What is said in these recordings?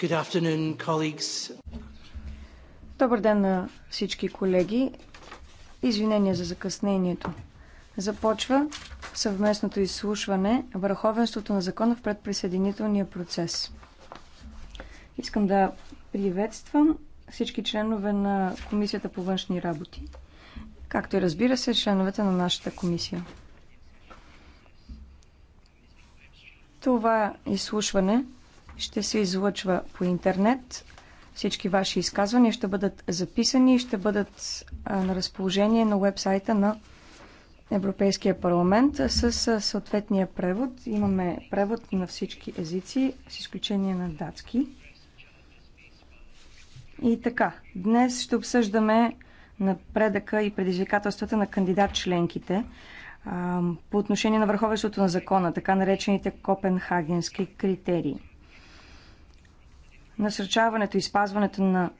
Good afternoon, colleagues. Добър ден на всички колеги. Извинения за закъснението. Започва съвместното изслушване върховенството на закона в предприсъединителния процес. Искам да приветствам всички членове на Комисията по външни работи, както и разбира се членовете на нашата комисия. Това изслушване ще се излъчва по интернет. Всички ваши изказвания ще бъдат записани и ще бъдат на разположение на вебсайта на Европейския парламент с съответния превод. Имаме превод на всички езици, с изключение на датски. И така, днес ще обсъждаме напредъка и предизвикателствата на кандидат-членките по отношение на върховенството на закона, така наречените копенхагенски критерии насърчаването и спазването на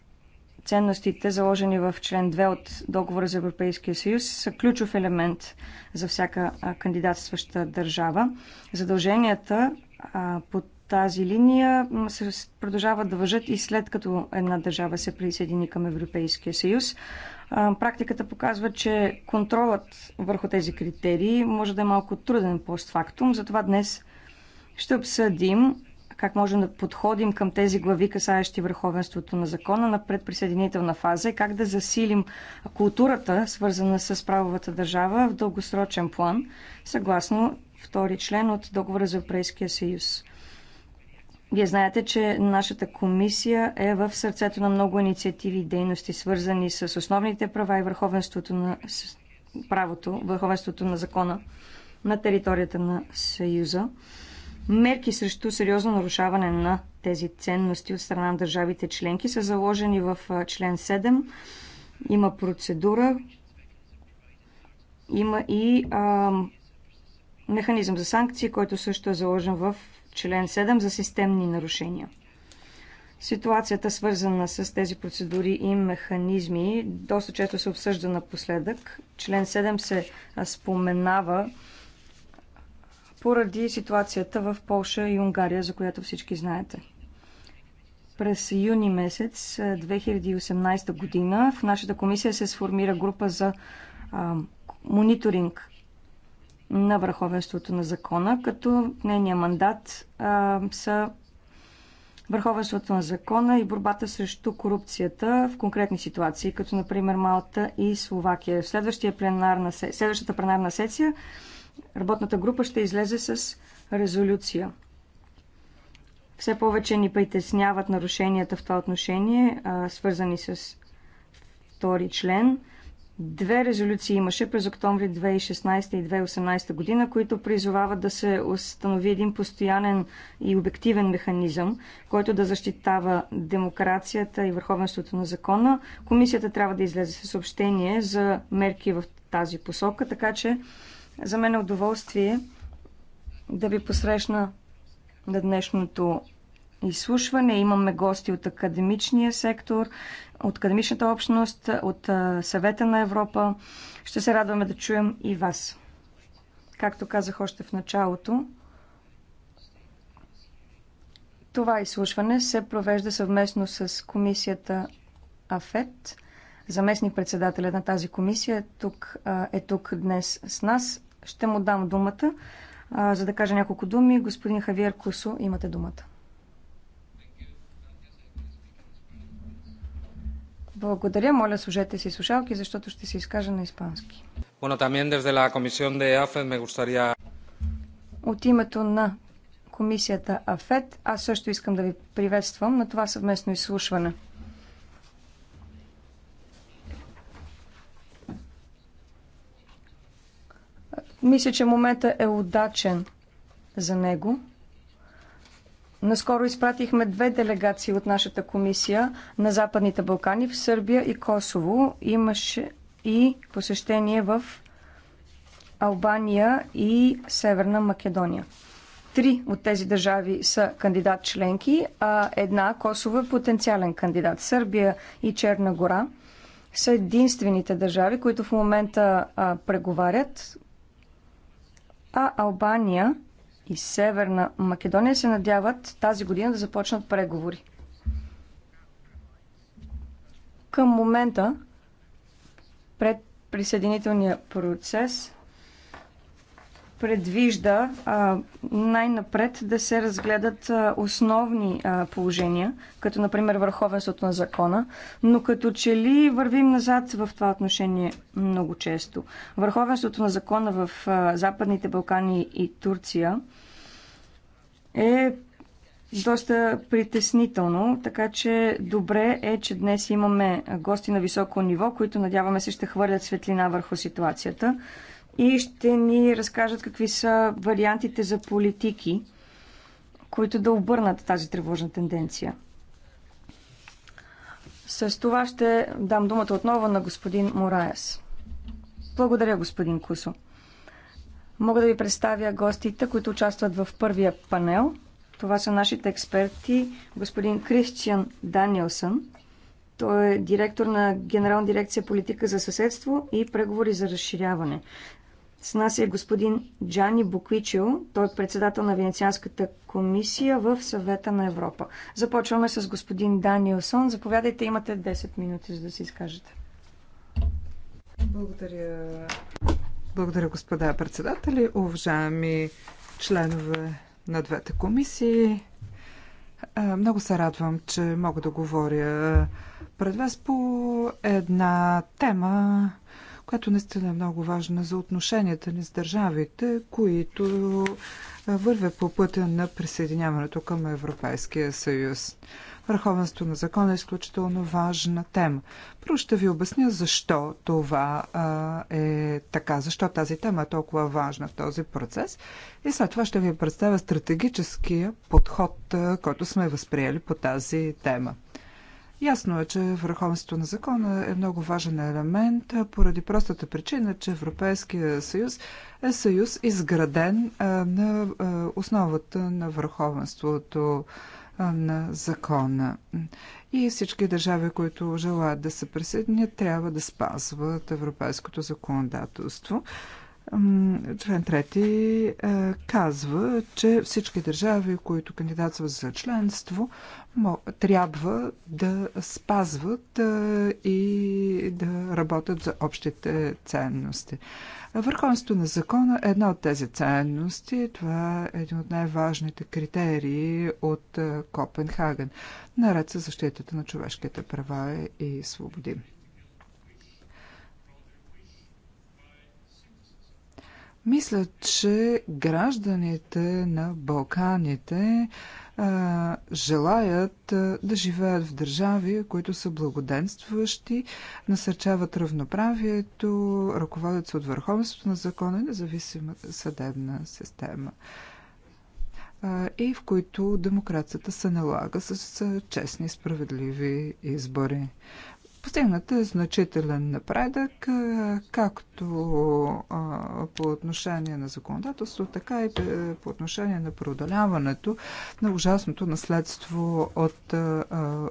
ценностите, заложени в член 2 от Договора за Европейския съюз, са ключов елемент за всяка кандидатстваща държава. Задълженията по тази линия продължават да въжат и след като една държава се присъедини към Европейския съюз. Практиката показва, че контролът върху тези критерии може да е малко труден постфактум, затова днес ще обсъдим как можем да подходим към тези глави, касаещи върховенството на закона на предприсъединителна фаза и как да засилим културата, свързана с правовата държава в дългосрочен план, съгласно втори член от договора за Европейския съюз. Вие знаете, че нашата комисия е в сърцето на много инициативи и дейности, свързани с основните права и върховенството на правото, върховенството на закона на територията на Съюза. Мерки срещу сериозно нарушаване на тези ценности от страна на държавите членки са заложени в член 7. Има процедура, има и а, механизъм за санкции, който също е заложен в член 7 за системни нарушения. Ситуацията, свързана с тези процедури и механизми, доста често се обсъжда напоследък. Член 7 се споменава поради ситуацията в Полша и Унгария, за която всички знаете. През юни месец 2018 е, година в нашата комисия се сформира група за а, мониторинг на върховенството на закона, като нейния мандат а, са върховенството на закона и борбата срещу корупцията в конкретни ситуации, като например Малта и Словакия. В следващия пленарна, следващата пленарна сесия Работната група ще излезе с резолюция. Все повече ни притесняват нарушенията в това отношение, свързани с втори член. Две резолюции имаше през октомври 2016 и 2018 година, които призовават да се установи един постоянен и обективен механизъм, който да защитава демокрацията и върховенството на закона. Комисията трябва да излезе с съобщение за мерки в тази посока, така че за мен е удоволствие да ви посрещна на днешното изслушване. Имаме гости от академичния сектор, от академичната общност, от Съвета на Европа. Ще се радваме да чуем и вас. Както казах още в началото, това изслушване се провежда съвместно с комисията АФЕТ. Заместник председателя на тази комисия тук, е тук днес с нас. Ще му дам думата, а, за да кажа няколко думи. Господин Хавиер Кусо, имате думата. Благодаря. Моля, служете си слушалки, защото ще се изкажа на испански. От името на комисията АФЕД, аз също искам да ви приветствам на това съвместно изслушване – Мисля, че момента е удачен за него. Наскоро изпратихме две делегации от нашата комисия на Западните Балкани в Сърбия и Косово. Имаше и посещение в Албания и Северна Македония. Три от тези държави са кандидат членки, а една Косово е потенциален кандидат. Сърбия и Черна гора са единствените държави, които в момента а, преговарят а Албания и Северна Македония се надяват тази година да започнат преговори. Към момента пред присъединителния процес предвижда най-напред да се разгледат основни положения, като например върховенството на закона, но като че ли вървим назад в това отношение много често. Върховенството на закона в Западните Балкани и Турция е доста притеснително, така че добре е, че днес имаме гости на високо ниво, които надяваме се ще хвърлят светлина върху ситуацията и ще ни разкажат какви са вариантите за политики, които да обърнат тази тревожна тенденция. С това ще дам думата отново на господин Мораес. Благодаря, господин Кусо. Мога да ви представя гостите, които участват в първия панел. Това са нашите експерти, господин Кристиан Данилсън, Той е директор на Генерална дирекция политика за съседство и преговори за разширяване. С нас е господин Джани Буквичо, той е председател на Венецианската комисия в съвета на Европа. Започваме с господин Даниелсон. Заповядайте, имате 10 минути, за да се изкажете. Благодаря. Благодаря, господа председатели, уважаеми членове на двете комисии. Много се радвам, че мога да говоря пред вас по една тема, която наистина е много важна за отношенията ни с държавите, които вървят по пътя на присъединяването към Европейския съюз. Върховенство на закона е изключително важна тема. Първо ще ви обясня защо това а, е така, защо тази тема е толкова важна в този процес и след това ще ви представя стратегическия подход, който сме възприели по тази тема. Ясно е, че върховенството на закона е много важен елемент, поради простата причина, че Европейския съюз е съюз изграден на основата на върховенството на закона. И всички държави, които желаят да се присъединят, трябва да спазват европейското законодателство. Член трети е, казва, че всички държави, които кандидатстват за членство, трябва да спазват е, и да работят за общите ценности. Върховенството на закона е една от тези ценности. Това е един от най-важните критерии от е, Копенхаген, наред с защитата на човешките права и свободи. Мисля, че гражданите на Балканите а, желаят а, да живеят в държави, които са благоденстващи, насърчават равноправието, ръководят се от върховенството на закона и независима съдебна система а, и в които демокрацията се налага с честни и справедливи избори. Постигнат е значителен напредък, както по отношение на законодателство, така и по отношение на преодоляването на ужасното наследство от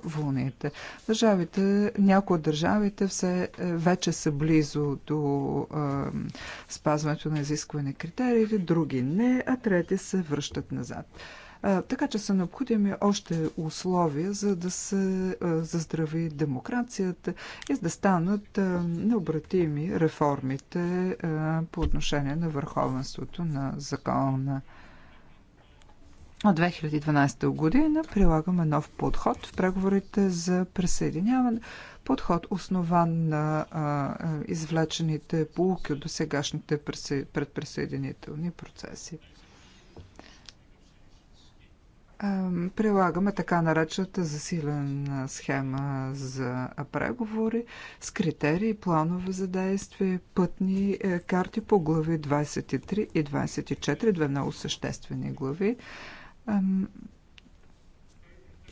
вълните. Държавите, някои от държавите все е, вече са близо до спазването на изискване критериите, други не, а трети се връщат назад. Така че са необходими още условия, за да се заздрави демокрацията и за да станат необратими реформите по отношение на върховенството на закона. От 2012 година прилагаме нов подход в преговорите за присъединяване. Подход основан на а, извлечените полуки от досегашните предприсъединителни процеси прилагаме така наречената засилена схема за преговори с критерии, планове за действие, пътни е, карти по глави 23 и 24, две много съществени глави.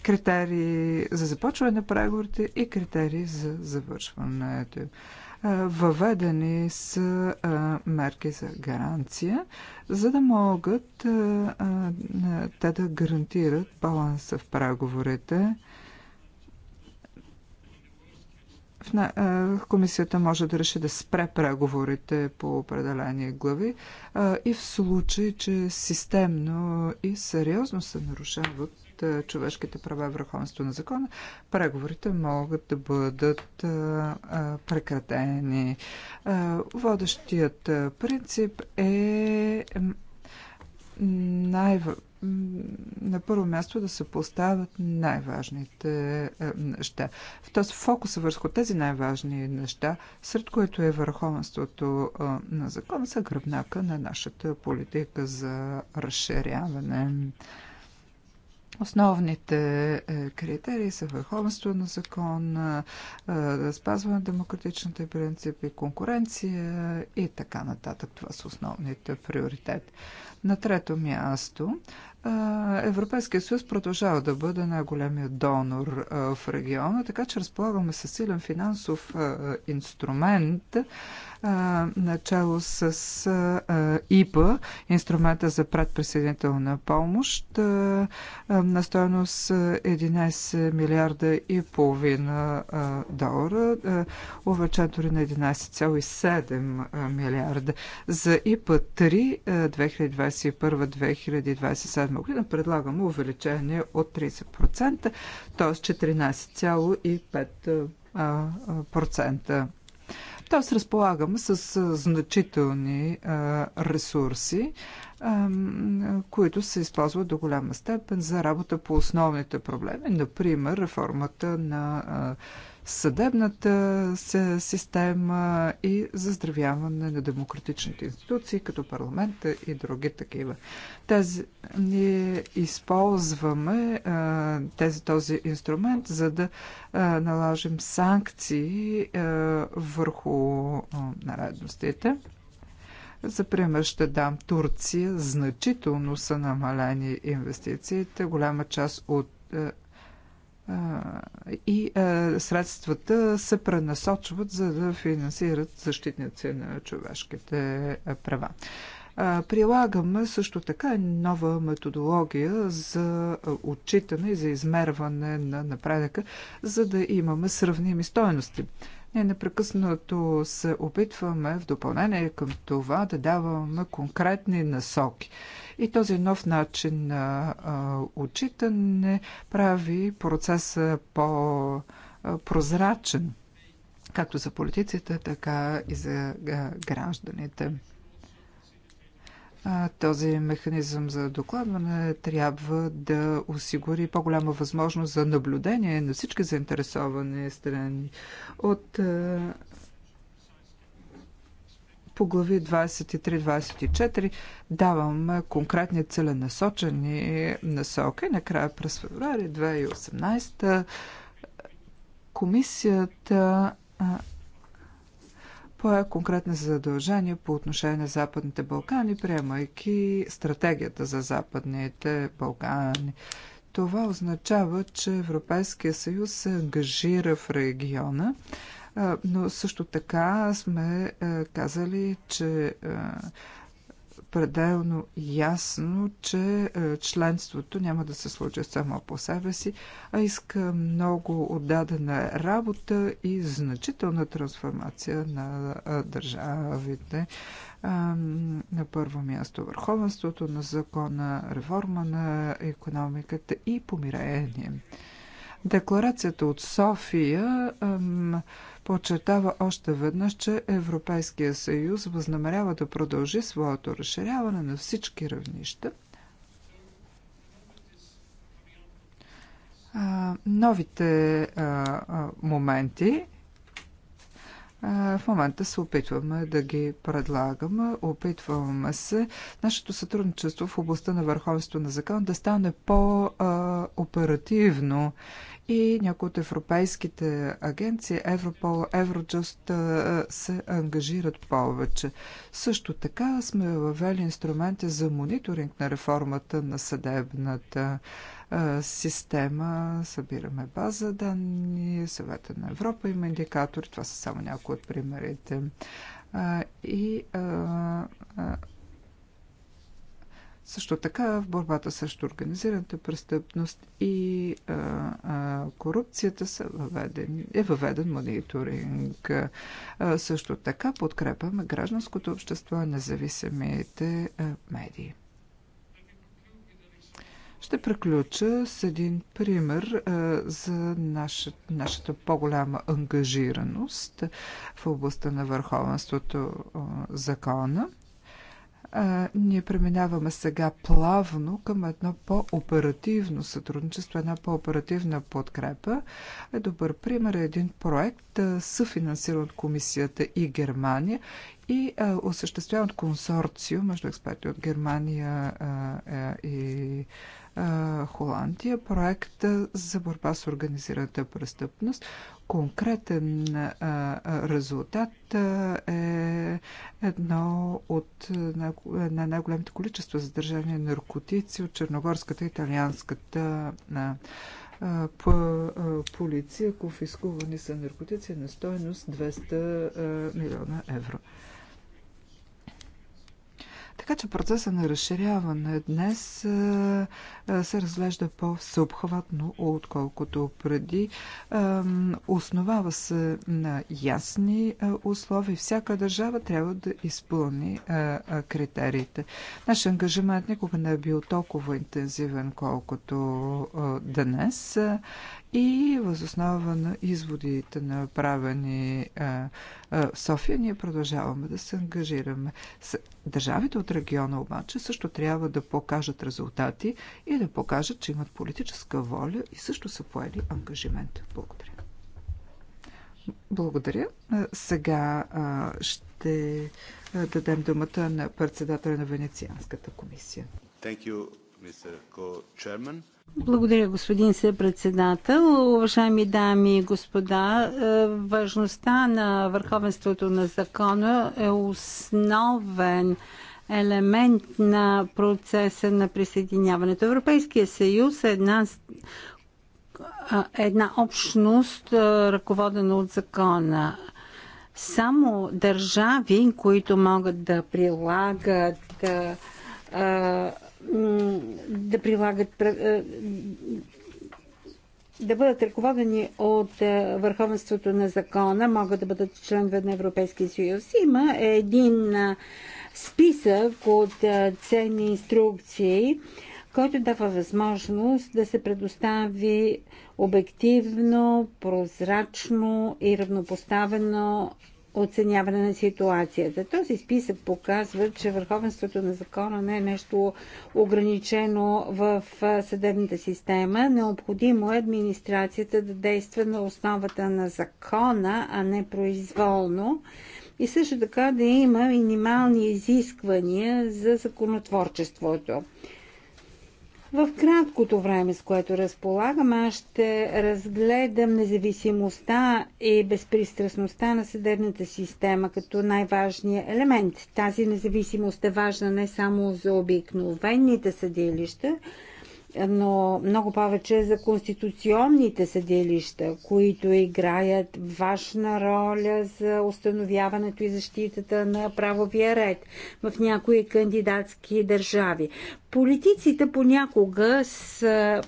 Критерии за започване на преговорите и критерии за завършването им. Въведени с мерки за гаранция, за да могат те да гарантират баланса в преговорите. Комисията може да реши да спре преговорите по определени глави и в случай, че системно и сериозно се нарушават човешките права и върховенство на закона, преговорите могат да бъдат прекратени. Водещият принцип е най- на първо място да се поставят най-важните неща. В този фокус върху тези най-важни неща, сред които е върховенството на закона са гръбнака на нашата политика за разширяване. Основните е, критерии са върховенство на закон, е, е, спазване на демократичните принципи, конкуренция и така нататък. Това са основните приоритети. На трето място, Европейския съюз продължава да бъде най-големият донор в региона, така че разполагаме с силен финансов инструмент, начало с ИПА, инструмента за предприсъединителна помощ, на стоеност 11 милиарда и половина долара, увеличен дори на 11,7 милиарда. За ИПА 3 2021-2027 година предлагаме увеличение от 30%, т.е. 14,5%. Тоест разполагаме с значителни ресурси, които се използват до голяма степен за работа по основните проблеми, например реформата на съдебната система и заздравяване на демократичните институции, като парламента и други такива. Тези, ние използваме тези, този инструмент, за да наложим санкции върху наредностите. За пример ще дам Турция. Значително са намалени инвестициите. Голяма част от и средствата се пренасочват за да финансират защитници на човешките права. Прилагаме също така нова методология за отчитане и за измерване на напредъка, за да имаме сравними стоености. Ние непрекъснато се опитваме в допълнение към това да даваме конкретни насоки. И този нов начин на отчитане прави процеса по-прозрачен, както за политиците, така и за гражданите. Този механизъм за докладване трябва да осигури по-голяма възможност за наблюдение на всички заинтересовани страни. От по глави 23-24 давам конкретни целенасочени насоки. Накрая през феврари 2018 комисията пое конкретни задължения по отношение на Западните Балкани, приемайки стратегията за Западните Балкани. Това означава, че Европейския съюз се ангажира в региона, но също така сме казали, че пределно ясно, че е, членството няма да се случи само по себе си, а иска много отдадена работа и значителна трансформация на е, държавите. Е, на първо място върховенството на закона, реформа на економиката и помирение. Декларацията от София подчертава още веднъж, че Европейския съюз възнамерява да продължи своето разширяване на всички равнища. новите моменти в момента се опитваме да ги предлагаме. Опитваме се нашето сътрудничество в областта на върховенство на закон да стане по-оперативно и някои от европейските агенции, Европол, Евроджаст, се ангажират повече. Също така сме въвели инструменти за мониторинг на реформата на съдебната система, събираме база данни, съвета на Европа има индикатори, това са само някои от примерите. И също така в борбата срещу организираната престъпност и а, а, корупцията са въведен, е въведен мониторинг. А, също така подкрепяме гражданското общество и независимите а, медии. Ще приключа с един пример а, за нашата, нашата по-голяма ангажираност в областта на върховенството а, закона. А, ние преминаваме сега плавно към едно по-оперативно сътрудничество, една по-оперативна подкрепа. Е добър пример е един проект, а, съфинансиран от комисията и Германия и а, осъществяван от консорциум между експерти от Германия а, а, е, и Холандия проекта за борба с организираната престъпност. Конкретен резултат е едно от на най-големите количества задържани наркотици от черногорската и италианската полиция. Конфискувани са наркотици на стоеност 200 милиона евро. Така че процеса на разширяване днес е, е, се разглежда по-съобхватно, отколкото преди. Основава се на ясни е, условия. Всяка държава трябва да изпълни критериите. Нашия ангажимент никога не е бил толкова интензивен, колкото днес и възоснова на изводите направени в София, ние продължаваме да се ангажираме. Държавите от региона обаче също трябва да покажат резултати и да покажат, че имат политическа воля и също са поели ангажимент. Благодаря. Благодаря. Сега ще дадем думата на председателя на Венецианската комисия. Thank you, Mr. Co-Chairman. Благодаря, господин съпредседател. Уважаеми дами и господа, е, важността на върховенството на закона е основен елемент на процеса на присъединяването. Европейския съюз е една, една общност, е, ръководена от закона. Само държави, които могат да прилагат е, да прилагат да бъдат ръководени от върховенството на закона, могат да бъдат членове на Европейския съюз. Има един списък от ценни инструкции, който дава възможност да се предостави обективно, прозрачно и равнопоставено оценяване на ситуацията. Този списък показва, че върховенството на закона не е нещо ограничено в съдебната система. Необходимо е администрацията да действа на основата на закона, а не произволно. И също така да има минимални изисквания за законотворчеството. В краткото време, с което разполагам, аз ще разгледам независимостта и безпристрастността на съдебната система като най-важния елемент. Тази независимост е важна не само за обикновените съдилища, но много повече за конституционните съдилища, които играят важна роля за установяването и защитата на правовия ред в някои кандидатски държави. Политиците понякога са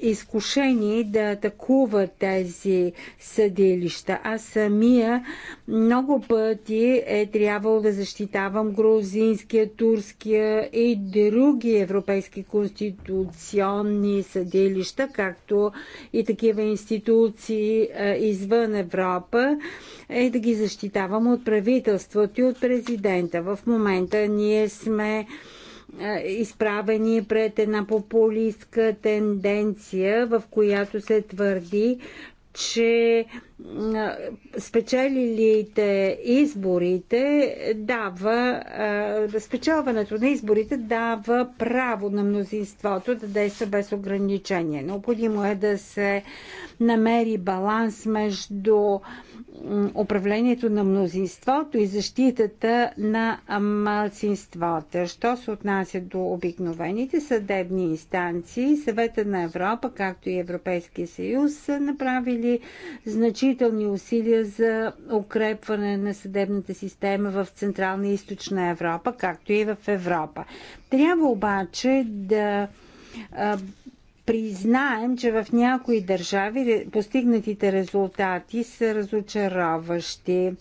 изкушени да атакуват тези съдилища. Аз самия много пъти е трябвало да защитавам грузинския, турския и други европейски конституционни съдилища, както и такива институции извън Европа, е да ги защитавам от правителството и от президента. В момента ние сме е, изправени пред една популистка тенденция, в която се твърди, че спечелилите изборите дава, спечелването на изборите дава право на мнозинството да действа без ограничение. Необходимо е да се намери баланс между управлението на мнозинството и защитата на малцинствата. Що се отнася до обикновените съдебни инстанции, Съвета на Европа, както и Европейския съюз, са направили значително значителни усилия за укрепване на съдебната система в Централна и Източна Европа, както и в Европа. Трябва обаче да признаем, че в някои държави постигнатите резултати са разочароващи.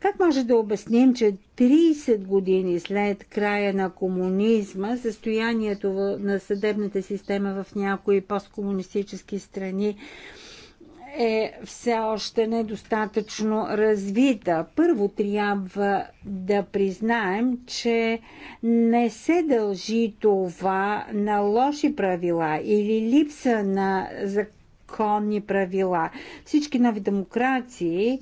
Как може да обясним, че 30 години след края на комунизма, състоянието на съдебната система в някои посткомунистически страни е все още недостатъчно развита. Първо трябва да признаем, че не се дължи това на лоши правила или липса на законни правила. Всички нови демокрации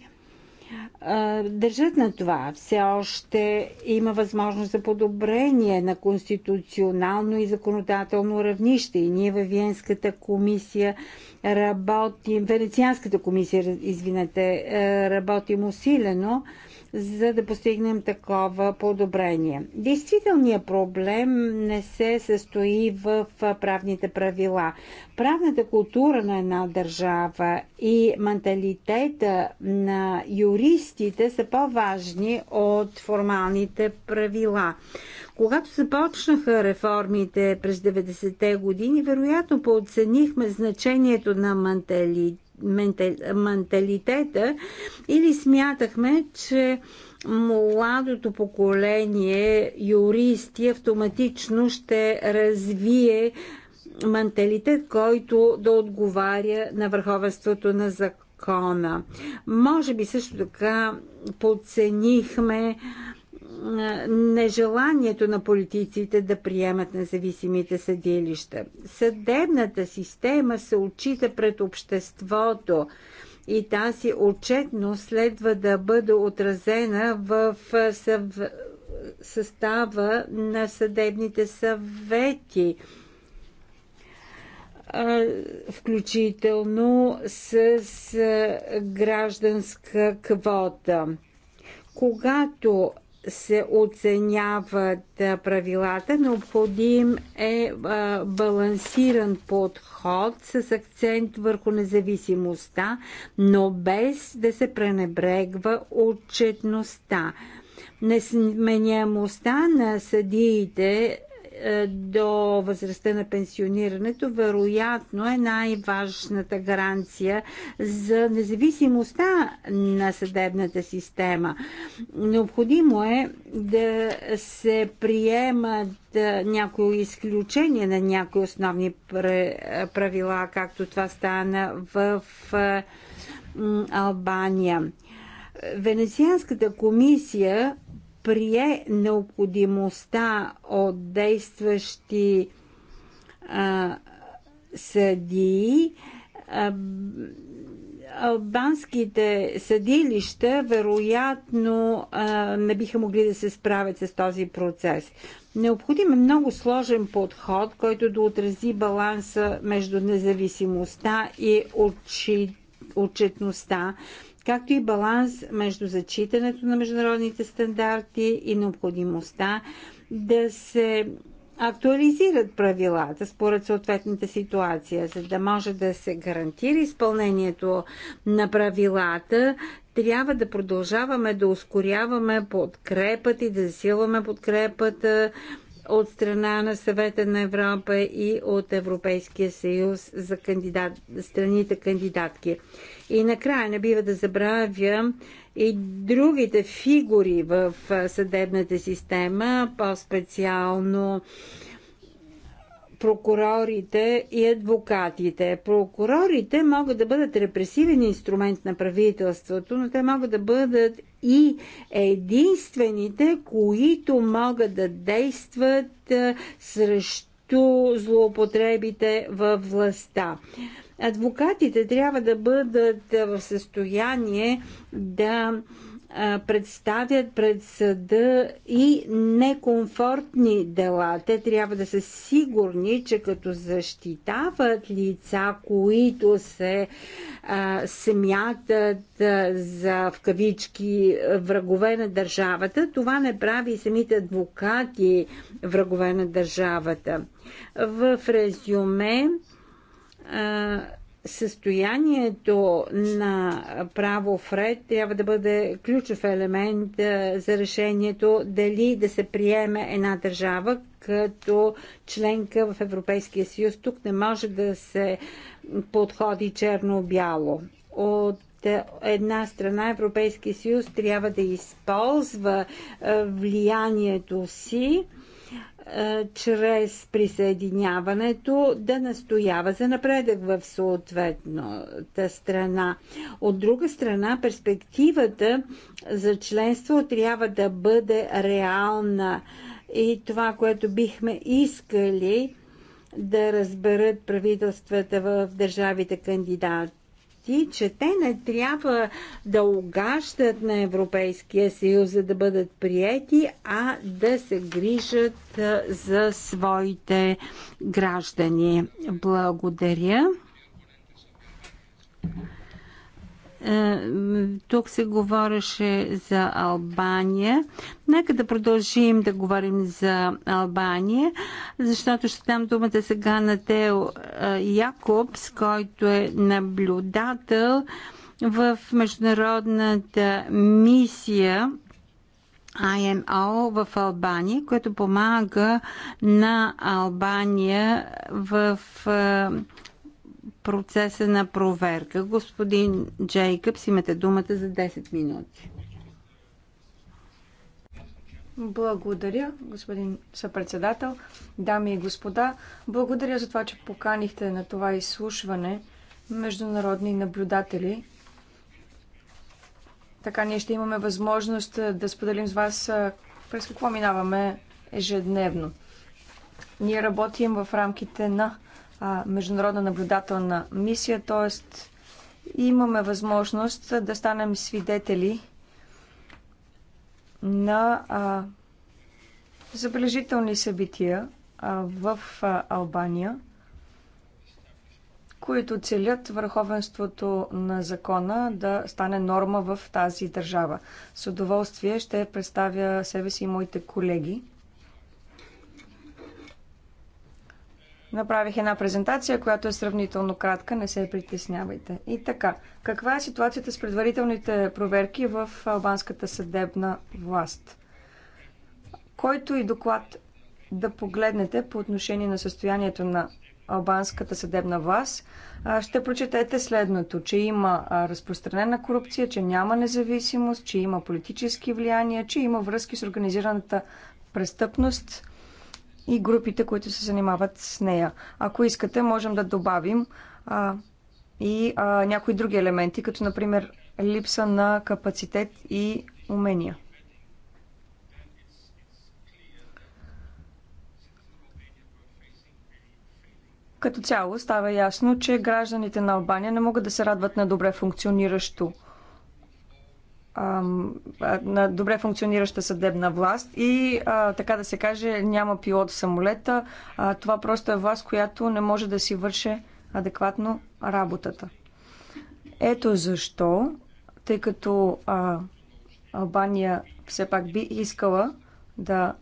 държат на това. Все още има възможност за подобрение на конституционално и законодателно равнище. И ние във Венската комисия работим, Венецианската комисия, извинете, работим усилено за да постигнем такова подобрение. Действителният проблем не се състои в правните правила. Правната култура на една държава и менталитета на юристите са по-важни от формалните правила. Когато започнаха реформите през 90-те години, вероятно пооценихме значението на менталитета менталитета или смятахме, че младото поколение юристи автоматично ще развие менталитет, който да отговаря на върховенството на закона. Може би също така подценихме нежеланието на политиците да приемат независимите съдилища. Съдебната система се отчита пред обществото и тази отчетност следва да бъде отразена в съв... състава на съдебните съвети включително с гражданска квота. Когато се оценяват правилата, необходим е балансиран подход с акцент върху независимостта, но без да се пренебрегва отчетността. Несменяемостта на съдиите е, до възрастта на пенсионирането, вероятно е най-важната гаранция за независимостта на съдебната система. Необходимо е да се приемат е, някои изключения на някои основни правила, както това стана в е, Албания. Венецианската комисия прие необходимостта от действащи а, съдии, а, албанските съдилища вероятно а, не биха могли да се справят с този процес. Необходим е много сложен подход, който да отрази баланса между независимостта и отчетността както и баланс между зачитането на международните стандарти и необходимостта да се актуализират правилата според съответната ситуация, за да може да се гарантира изпълнението на правилата, трябва да продължаваме да ускоряваме подкрепата и да засилваме подкрепата от страна на съвета на Европа и от Европейския съюз за кандидат, страните кандидатки. И накрая не бива да забравя и другите фигури в съдебната система, по-специално прокурорите и адвокатите. Прокурорите могат да бъдат репресивен инструмент на правителството, но те могат да бъдат и единствените, които могат да действат срещу злоупотребите във властта адвокатите трябва да бъдат в състояние да представят пред съда и некомфортни дела. Те трябва да са сигурни, че като защитават лица, които се а, смятат а, за в кавички врагове на държавата, това не прави самите адвокати врагове на държавата. В резюме състоянието на правов ред трябва да бъде ключов елемент за решението дали да се приеме една държава като членка в Европейския съюз. Тук не може да се подходи черно-бяло. От е, една страна Европейския съюз трябва да използва влиянието си е, чрез присъединяването да настоява за напредък в съответната страна. От друга страна, перспективата за членство трябва да бъде реална и това, което бихме искали да разберат правителствата в държавите кандидат части, че те не трябва да угащат на Европейския съюз, за да бъдат приети, а да се грижат за своите граждани. Благодаря. Е, тук се говореше за Албания. Нека да продължим да говорим за Албания, защото ще дам думата сега на Тео е, Якобс, който е наблюдател в международната мисия IMO в Албания, което помага на Албания в е, процеса на проверка. Господин Джейкъбс, имате думата за 10 минути. Благодаря, господин съпредседател, дами и господа. Благодаря за това, че поканихте на това изслушване международни наблюдатели. Така ние ще имаме възможност да споделим с вас през какво минаваме ежедневно. Ние работим в рамките на международна наблюдателна мисия, т.е. имаме възможност да станем свидетели на а, забележителни събития а, в а, Албания, които целят върховенството на закона да стане норма в тази държава. С удоволствие ще представя себе си и моите колеги – Направих една презентация, която е сравнително кратка, не се притеснявайте. И така, каква е ситуацията с предварителните проверки в албанската съдебна власт? Който и доклад да погледнете по отношение на състоянието на албанската съдебна власт, ще прочетете следното, че има разпространена корупция, че няма независимост, че има политически влияния, че има връзки с организираната престъпност и групите, които се занимават с нея. Ако искате, можем да добавим а, и а, някои други елементи, като например липса на капацитет и умения. Като цяло става ясно, че гражданите на Албания не могат да се радват на добре функциониращо на добре функционираща съдебна власт и а, така да се каже няма пилот в самолета. А, това просто е власт, която не може да си върши адекватно работата. Ето защо, тъй като а, Албания все пак би искала да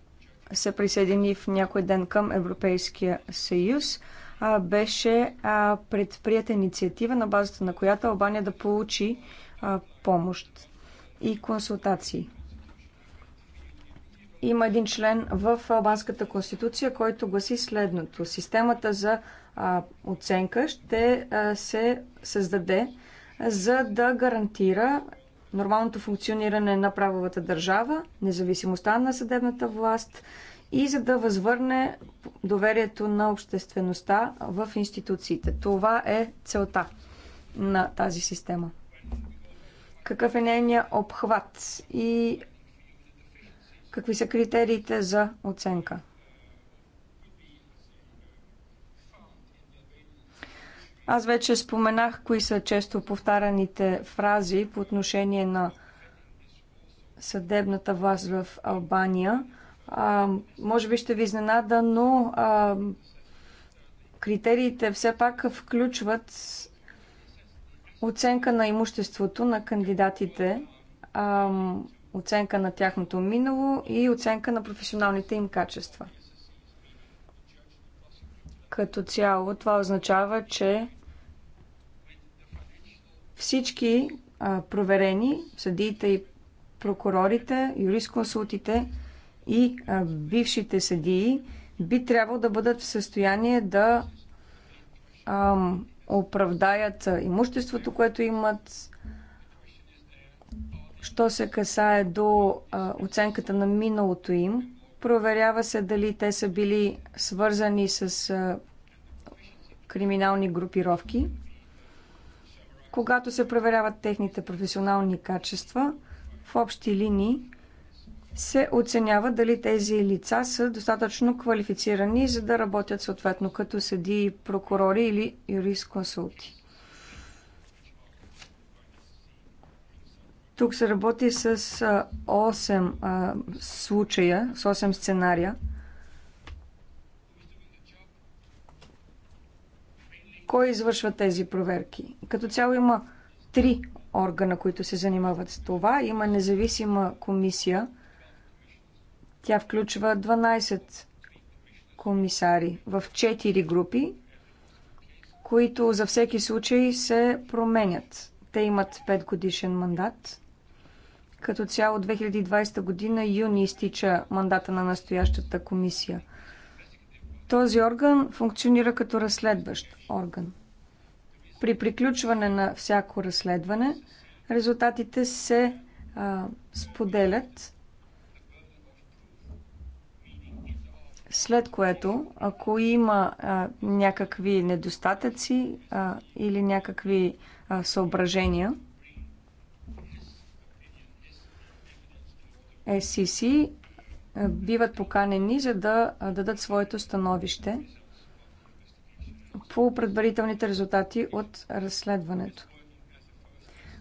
се присъедини в някой ден към Европейския съюз, а, беше а, предприята инициатива, на базата на която Албания да получи а, помощ и консултации. Има един член в Албанската конституция, който гласи следното. Системата за а, оценка ще а, се създаде, за да гарантира нормалното функциониране на правовата държава, независимостта на съдебната власт и за да възвърне доверието на обществеността в институциите. Това е целта на тази система какъв е нейният обхват и какви са критериите за оценка. Аз вече споменах кои са често повтараните фрази по отношение на съдебната власт в Албания. А, може би ще ви изненада, но а, критериите все пак включват оценка на имуществото на кандидатите, оценка на тяхното минало и оценка на професионалните им качества. Като цяло това означава, че всички проверени, съдиите и прокурорите, юрисконсултите и бившите съдии би трябвало да бъдат в състояние да ам, оправдаят имуществото, което имат. Що се касае до а, оценката на миналото им, проверява се дали те са били свързани с а, криминални групировки. Когато се проверяват техните професионални качества, в общи линии се оценява дали тези лица са достатъчно квалифицирани, за да работят съответно като съдии, прокурори или юрисконсулти. Тук се работи с 8 а, случая, с 8 сценария. Кой извършва тези проверки? Като цяло има три органа, които се занимават с това. Има независима комисия, тя включва 12 комисари в 4 групи, които за всеки случай се променят. Те имат 5 годишен мандат. Като цяло 2020 година юни изтича мандата на настоящата комисия. Този орган функционира като разследващ орган. При приключване на всяко разследване резултатите се а, споделят След което, ако има а, някакви недостатъци а, или някакви а, съображения, SCC биват поканени, за да дадат своето становище по предварителните резултати от разследването.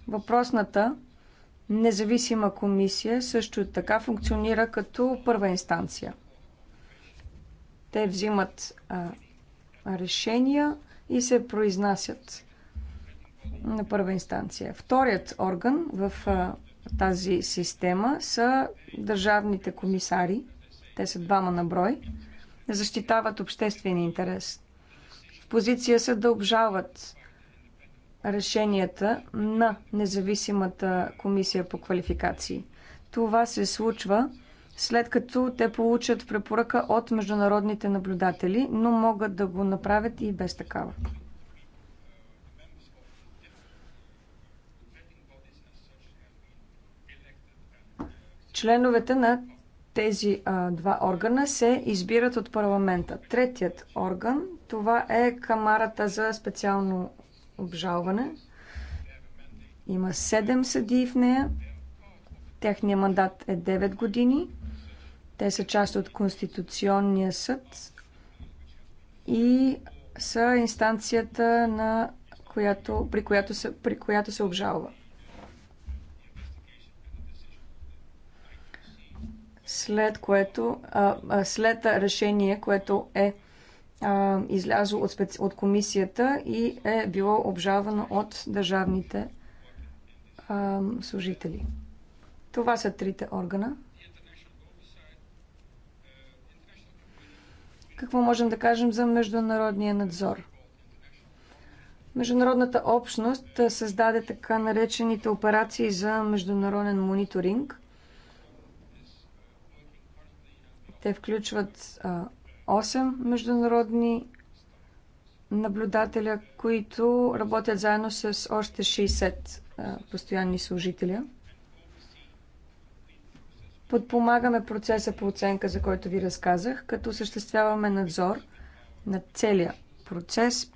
Въпросната независима комисия също така функционира като първа инстанция – те взимат а, решения и се произнасят на първа инстанция. Вторият орган в а, тази система са държавните комисари. Те са двама на брой. Защитават обществения интерес. В позиция са да обжават решенията на независимата комисия по квалификации. Това се случва след като те получат препоръка от международните наблюдатели, но могат да го направят и без такава. Членовете на тези а, два органа се избират от парламента. Третият орган, това е Камарата за специално обжалване. Има седем съдии в нея. Техният мандат е 9 години. Те са част от Конституционния съд и са инстанцията, на която, при, която се, при която се обжалва. След което, а, а, след решение, което е а, излязло от, специ... от комисията и е било обжавано от държавните а, служители. Това са трите органа. Какво можем да кажем за международния надзор? Международната общност създаде така наречените операции за международен мониторинг. Те включват 8 международни наблюдателя, които работят заедно с още 60 постоянни служителя – подпомагаме процеса по оценка, за който ви разказах, като осъществяваме надзор на целия процес.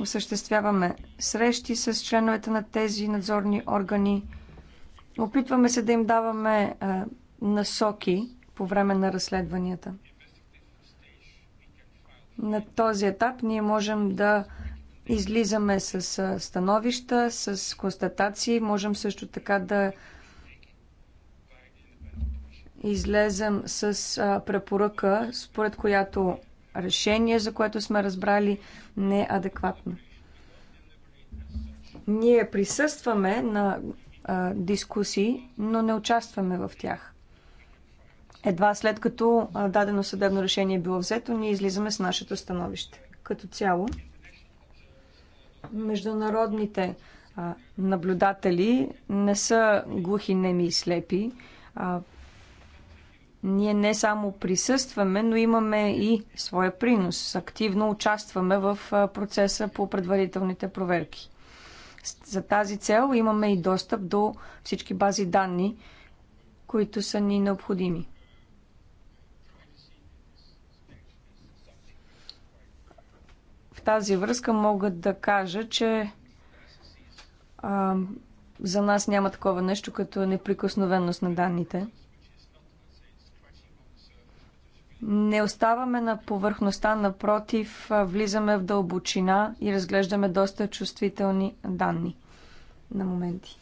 Осъществяваме срещи с членовете на тези надзорни органи. Опитваме се да им даваме а, е, насоки по време на разследванията. На този етап ние можем да излизаме с е, становища, с констатации, можем също така да излезем с а, препоръка, според която решение, за което сме разбрали, не е адекватно. Ние присъстваме на а, дискусии, но не участваме в тях. Едва след като а, дадено съдебно решение е било взето, ние излизаме с нашето становище. Като цяло, международните а, наблюдатели не са глухи, неми и слепи. А, ние не само присъстваме, но имаме и своя принос. Активно участваме в процеса по предварителните проверки. За тази цел имаме и достъп до всички бази данни, които са ни необходими. В тази връзка мога да кажа, че а, за нас няма такова нещо като неприкосновеност на данните не оставаме на повърхността, напротив, влизаме в дълбочина и разглеждаме доста чувствителни данни на моменти.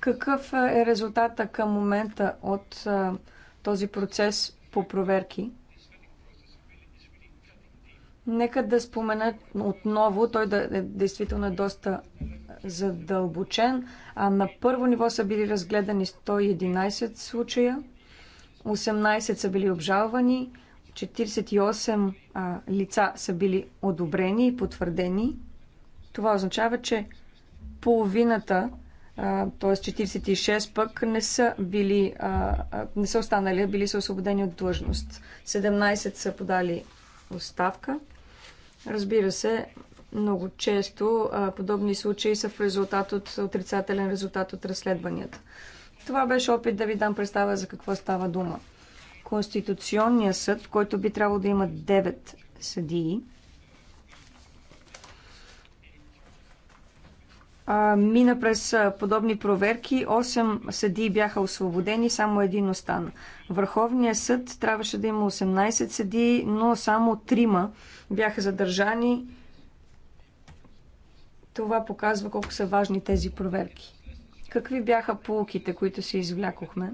Какъв е резултата към момента от този процес по проверки? Нека да спомена отново, той да е действително е доста задълбочен. А на първо ниво са били разгледани 111 случая, 18 са били обжалвани, 48 а, лица са били одобрени и потвърдени. Това означава, че половината, т.е. 46 пък не са били, а, не са останали, били са освободени от длъжност. 17 са подали оставка. Разбира се, много често подобни случаи са в резултат от отрицателен резултат от разследванията. Това беше опит да ви дам представа за какво става дума. Конституционният съд, в който би трябвало да има 9 съдии, мина през подобни проверки. 8 съдии бяха освободени, само един остана. Върховният съд трябваше да има 18 съдии, но само 3 бяха задържани това показва колко са важни тези проверки. Какви бяха полуките, които си извлякохме?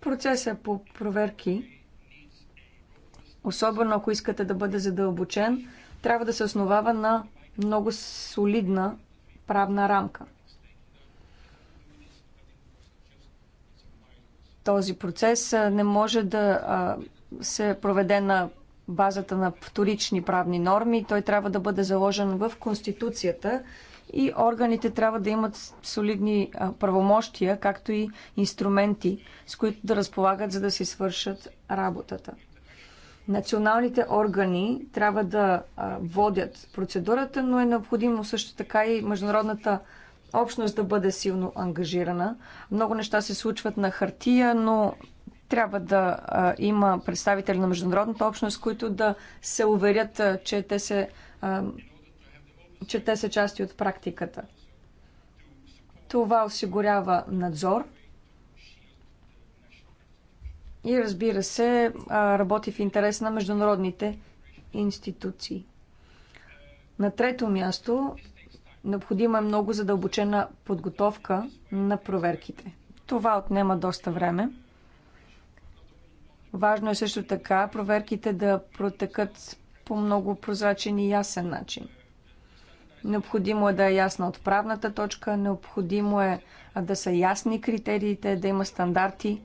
Процесът е по проверки, особено ако искате да бъде задълбочен, трябва да се основава на много солидна правна рамка. Този процес не може да се проведе на базата на вторични правни норми. Той трябва да бъде заложен в Конституцията и органите трябва да имат солидни правомощия, както и инструменти, с които да разполагат, за да си свършат работата. Националните органи трябва да водят процедурата, но е необходимо също така и международната общност да бъде силно ангажирана. Много неща се случват на хартия, но трябва да а, има представители на международната общност, които да се уверят, а, че, те се, а, че те са части от практиката. Това осигурява надзор и разбира се, работи в интерес на международните институции. На трето място, необходима е много задълбочена подготовка на проверките. Това отнема доста време. Важно е също така проверките да протекат по много прозрачен и ясен начин. Необходимо е да е ясна отправната точка, необходимо е да са ясни критериите, да има стандарти.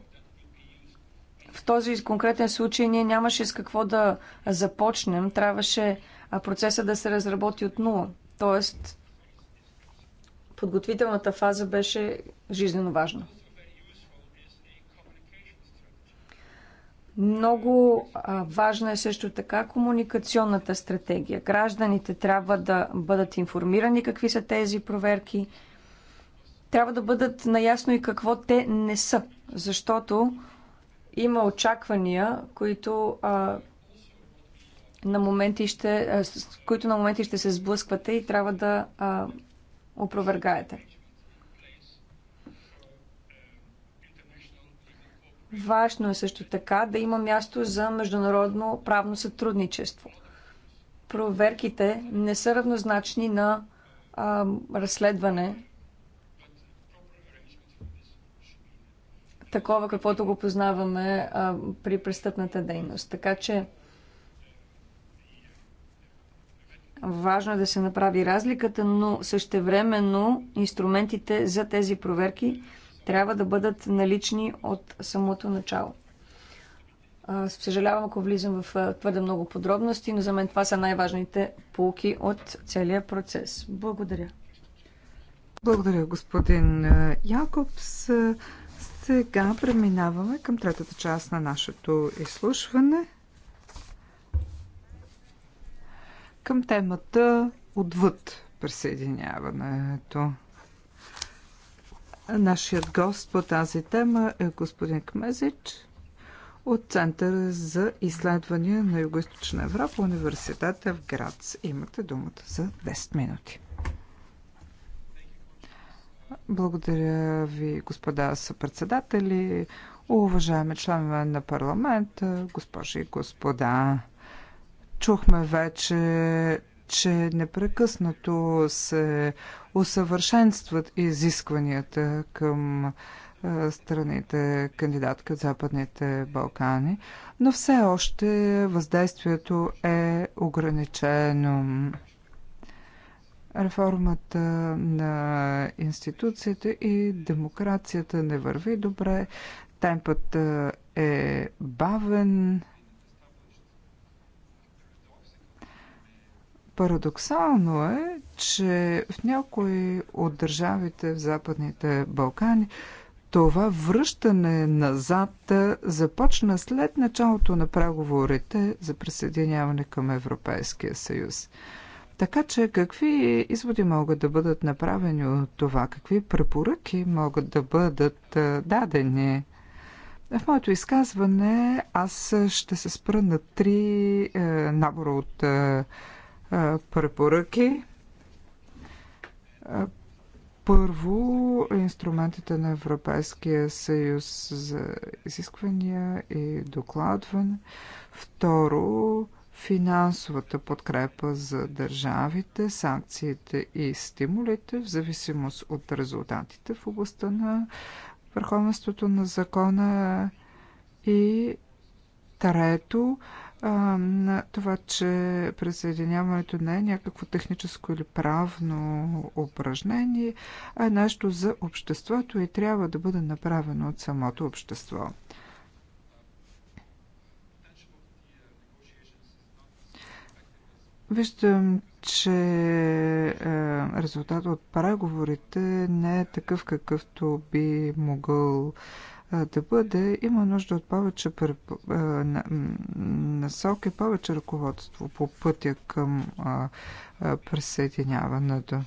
В този конкретен случай ние нямаше с какво да започнем, трябваше процеса да се разработи от нула. Тоест, подготвителната фаза беше жизненно важна. Много а, важна е също така комуникационната стратегия. Гражданите трябва да бъдат информирани какви са тези проверки. Трябва да бъдат наясно и какво те не са, защото има очаквания, които а, на моменти ще, а, с които на моменти ще се сблъсквате и трябва да а, опровергаете. Важно е също така да има място за международно правно сътрудничество. Проверките не са равнозначни на а, разследване, такова каквото го познаваме а, при престъпната дейност. Така че важно е да се направи разликата, но същевременно инструментите за тези проверки трябва да бъдат налични от самото начало. Съжалявам, ако влизам в твърде много подробности, но за мен това са най-важните полки от целия процес. Благодаря. Благодаря, господин Якобс. Сега преминаваме към третата част на нашето изслушване. Към темата отвъд присъединяването. Нашият гост по тази тема е господин Кмезич от Центъра за изследвания на Юго-Источна Европа, университета в Грац. Имате думата за 10 минути. Благодаря ви, господа съпредседатели, уважаеми членове на парламента, госпожи и господа. Чухме вече че непрекъснато се усъвършенстват изискванията към страните кандидатка от Западните Балкани, но все още въздействието е ограничено. Реформата на институциите и демокрацията не върви добре, темпът е бавен, Парадоксално е, че в някои от държавите в Западните Балкани това връщане назад започна след началото на преговорите за присъединяване към Европейския съюз. Така че какви изводи могат да бъдат направени от това? Какви препоръки могат да бъдат дадени? В моето изказване аз ще се спра на три е, набора от е, препоръки. Първо, инструментите на Европейския съюз за изисквания и докладване. Второ, финансовата подкрепа за държавите, санкциите и стимулите в зависимост от резултатите в областта на върховенството на закона и трето, на това, че присъединяването не е някакво техническо или правно упражнение, а е нещо за обществото и трябва да бъде направено от самото общество. Виждам, че е, резултатът от преговорите не е такъв, какъвто би могъл да бъде, има нужда от повече насоки, повече ръководство по пътя към присъединяването.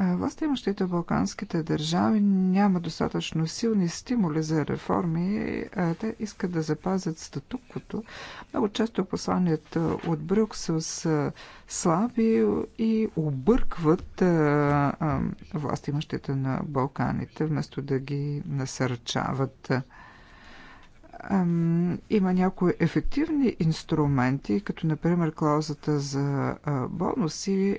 Властимащите балканските държави няма достатъчно силни стимули за реформи. Те искат да запазят статуквото. Много често посланията от Брюксел са слаби и объркват властимащите на Балканите, вместо да ги насърчават има някои ефективни инструменти, като например клаузата за бонуси.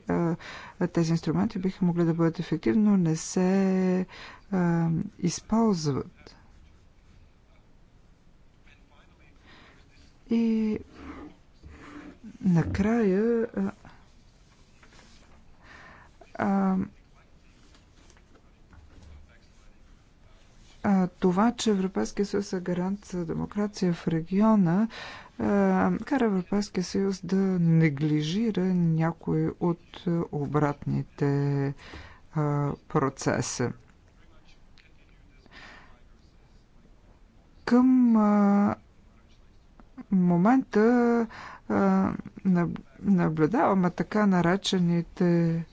Тези инструменти биха могли да бъдат ефективни, но не се използват. И накрая това, че Европейския съюз е гарант за демокрация в региона, кара Европейския съюз да неглижира някои от обратните процеса. Към момента наблюдаваме така наречените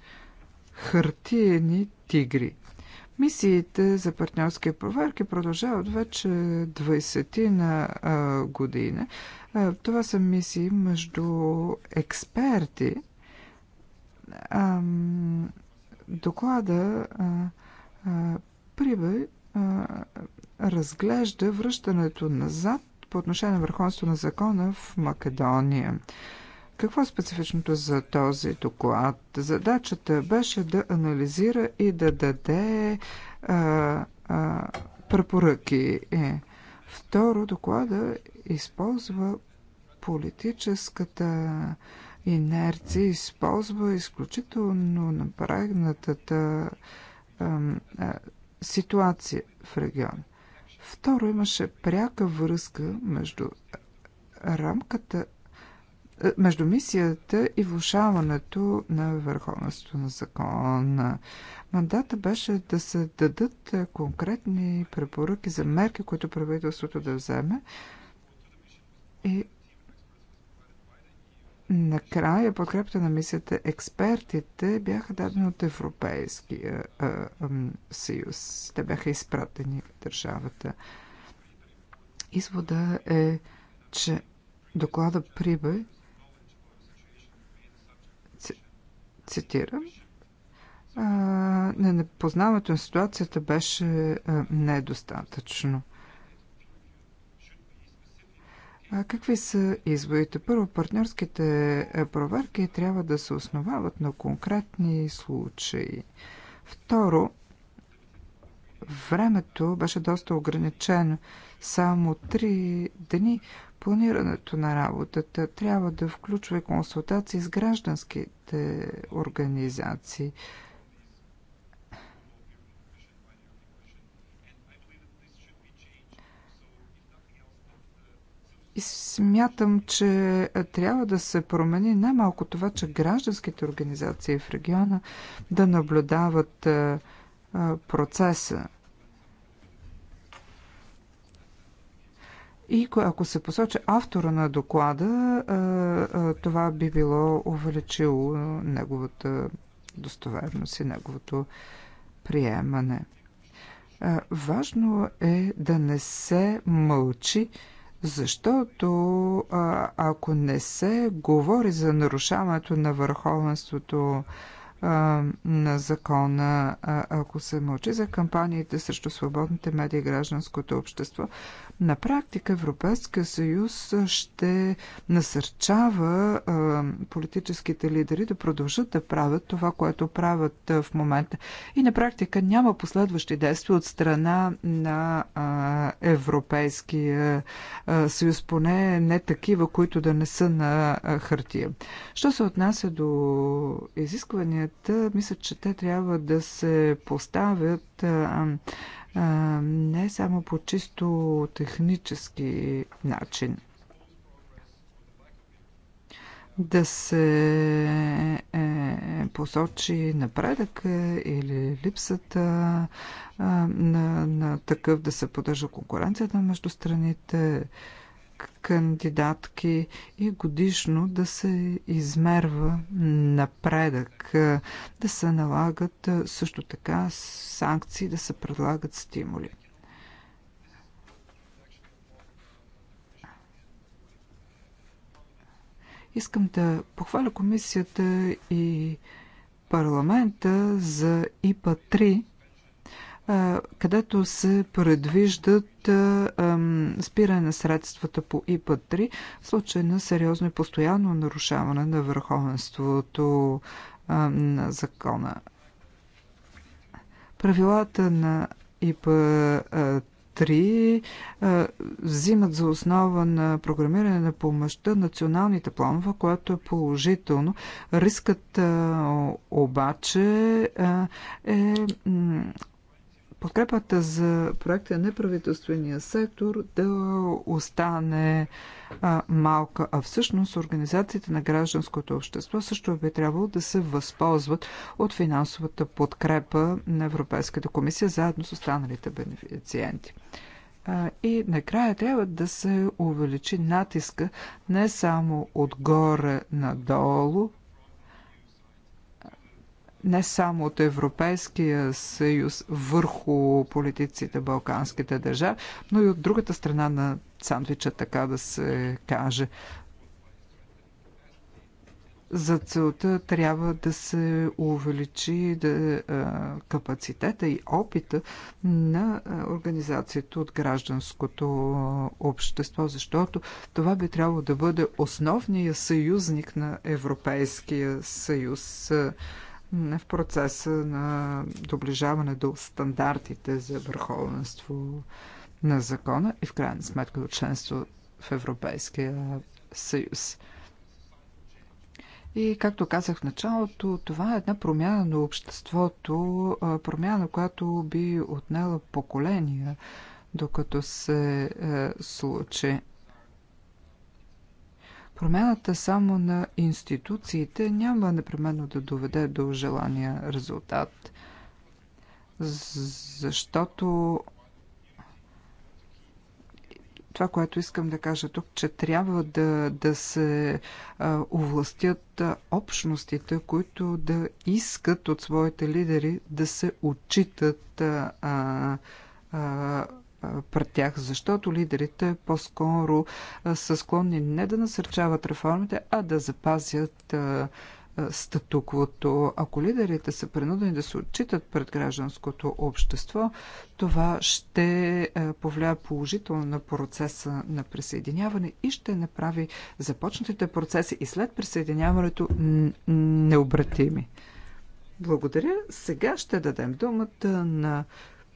хартиени тигри. Мисиите за партньорски проверки продължават вече 20 на година. Това са мисии между експерти. Доклада Прибе разглежда връщането назад по отношение на върховенство на закона в Македония. Какво е специфичното за този доклад? Задачата беше да анализира и да даде а, а, препоръки. Е. Второ, доклада използва политическата инерция, използва изключително напрегнатата ситуация в регион. Второ, имаше пряка връзка между рамката е, между мисията и влушаването на върховенството на закона. Мандата беше да се дадат е, конкретни препоръки за мерки, които правителството да вземе и Накрая подкрепата на мисията експертите бяха дадени от Европейския а, е, съюз. Те бяха изпратени в държавата. Извода е, че доклада Прибе Цитирам. непознаването на ситуацията беше недостатъчно. Какви са изводите? Първо, партньорските проверки трябва да се основават на конкретни случаи. Второ, времето беше доста ограничено само три дни, планирането на работата трябва да включва консултации с гражданските организации. И смятам, че трябва да се промени най-малко това, че гражданските организации в региона да наблюдават процеса И ако се посочи автора на доклада, това би било увеличило неговата достоверност и неговото приемане. Важно е да не се мълчи, защото ако не се говори за нарушаването на върховенството на закона, ако се мълчи за кампаниите срещу свободните медии и гражданското общество, на практика Европейския съюз ще насърчава политическите лидери да продължат да правят това, което правят в момента. И на практика няма последващи действия от страна на Европейския съюз, поне не такива, които да не са на хартия. Що се отнася до изискванията, хората, мисля, че те трябва да се поставят не само по чисто технически начин. Да се е, посочи напредък или липсата на, на такъв, да се поддържа конкуренцията между страните кандидатки и годишно да се измерва напредък, да се налагат също така санкции, да се предлагат стимули. Искам да похваля комисията и парламента за ИПА 3, където се предвиждат спиране на средствата по Ип 3 в случай на сериозно и постоянно нарушаване на върховенството на закона. Правилата на Ип 3 взимат за основа на програмиране на помощта националните планове, което е положително. Рискът обаче е подкрепата за проекта на правителствения сектор да остане а, малка, а всъщност организациите на гражданското общество също би трябвало да се възползват от финансовата подкрепа на Европейската комисия заедно с останалите бенефициенти. И накрая трябва да се увеличи натиска не само отгоре надолу, не само от Европейския съюз върху политиците балканските държави, но и от другата страна на сандвича, така да се каже. За целта трябва да се увеличи да, а, е, капацитета и опита на е, организацията от гражданското общество, защото това би трябвало да бъде основният съюзник на Европейския съюз. А, в процеса на доближаване до стандартите за върховенство на закона и в крайна сметка до членство в Европейския съюз. И както казах в началото, това е една промяна на обществото, промяна, която би отнела поколения, докато се е, случи. Промяната само на институциите няма непременно да доведе до желания резултат, защото това, което искам да кажа тук, че трябва да, да се а, овластят а, общностите, които да искат от своите лидери да се отчитат а, а, пред тях, защото лидерите по-скоро са склонни не да насърчават реформите, а да запазят статуквото. Ако лидерите са принудени да се отчитат пред гражданското общество, това ще повлия положително на процеса на присъединяване и ще направи започнатите процеси и след присъединяването необратими. Благодаря. Сега ще дадем думата на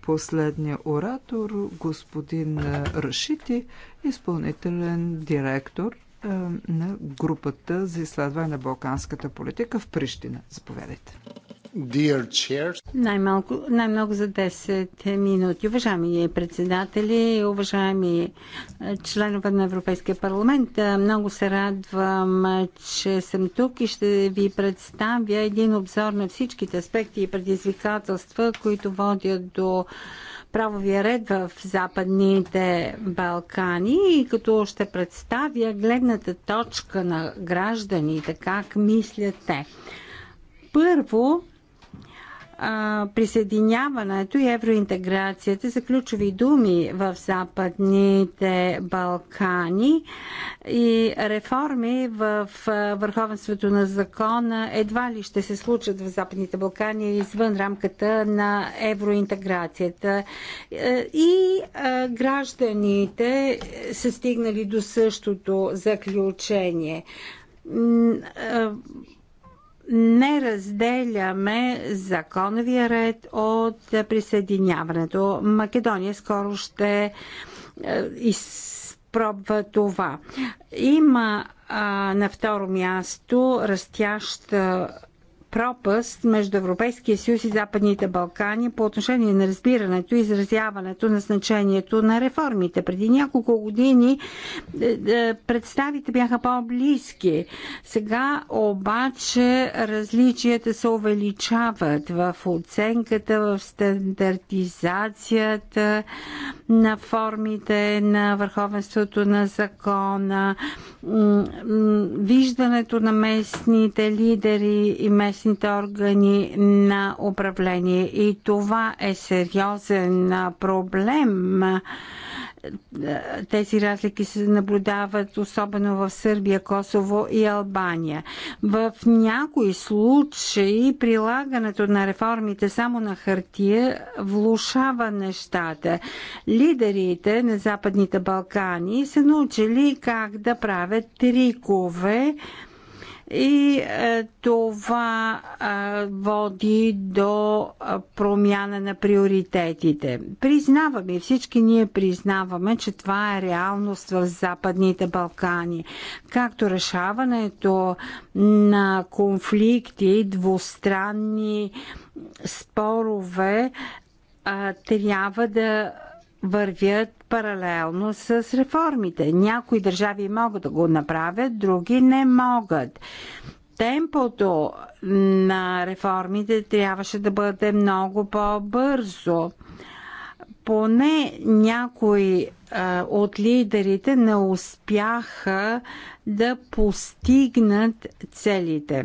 последния оратор, господин Рашити, изпълнителен директор е, на групата за изследване на балканската политика в Прищина. Заповядайте. Най-малко, най-много за 10 минути. Уважаеми председатели, уважаеми е, членове на Европейския парламент, е, много се радвам, е, че съм тук и ще ви представя един обзор на всичките аспекти и предизвикателства, които водят до правовия ред в Западните Балкани и като ще представя гледната точка на гражданите, как мислят те. Първо, присъединяването и евроинтеграцията са ключови думи в Западните Балкани и реформи в върховенството на закона едва ли ще се случат в Западните Балкани извън рамката на евроинтеграцията. Е, и гражданите са стигнали до същото заключение не разделяме законовия ред от присъединяването. Македония скоро ще е, изпробва това. Има а, на второ място растяща пропаст между Европейския съюз и Западните Балкани по отношение на разбирането и изразяването на значението на реформите. Преди няколко години е, е, представите бяха по-близки. Сега обаче различията се увеличават в оценката, в стандартизацията на формите на върховенството на закона, виждането на местните лидери и местните местните органи на управление. И това е сериозен проблем. Тези разлики се наблюдават особено в Сърбия, Косово и Албания. В някои случаи прилагането на реформите само на хартия влушава нещата. Лидерите на Западните Балкани са научили как да правят трикове, и е, това е, води до е, промяна на приоритетите. Признаваме, всички ние признаваме, че това е реалност в Западните Балкани. Както решаването на конфликти, двустранни спорове, трябва да вървят паралелно с реформите. Някои държави могат да го направят, други не могат. Темпото на реформите трябваше да бъде много по-бързо. Поне някои а, от лидерите не успяха да постигнат целите.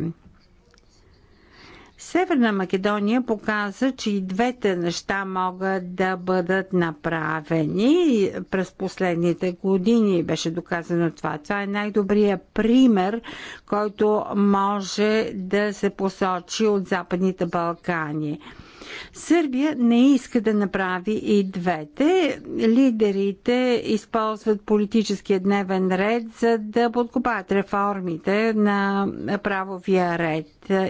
Северна Македония показа, че и двете неща могат да бъдат направени. През последните години беше доказано това. Това е най-добрият пример, който може да се посочи от Западните Балкани. Сърбия не иска да направи и двете. Лидерите използват политическия дневен ред, за да подкопаят реформите на правовия ред.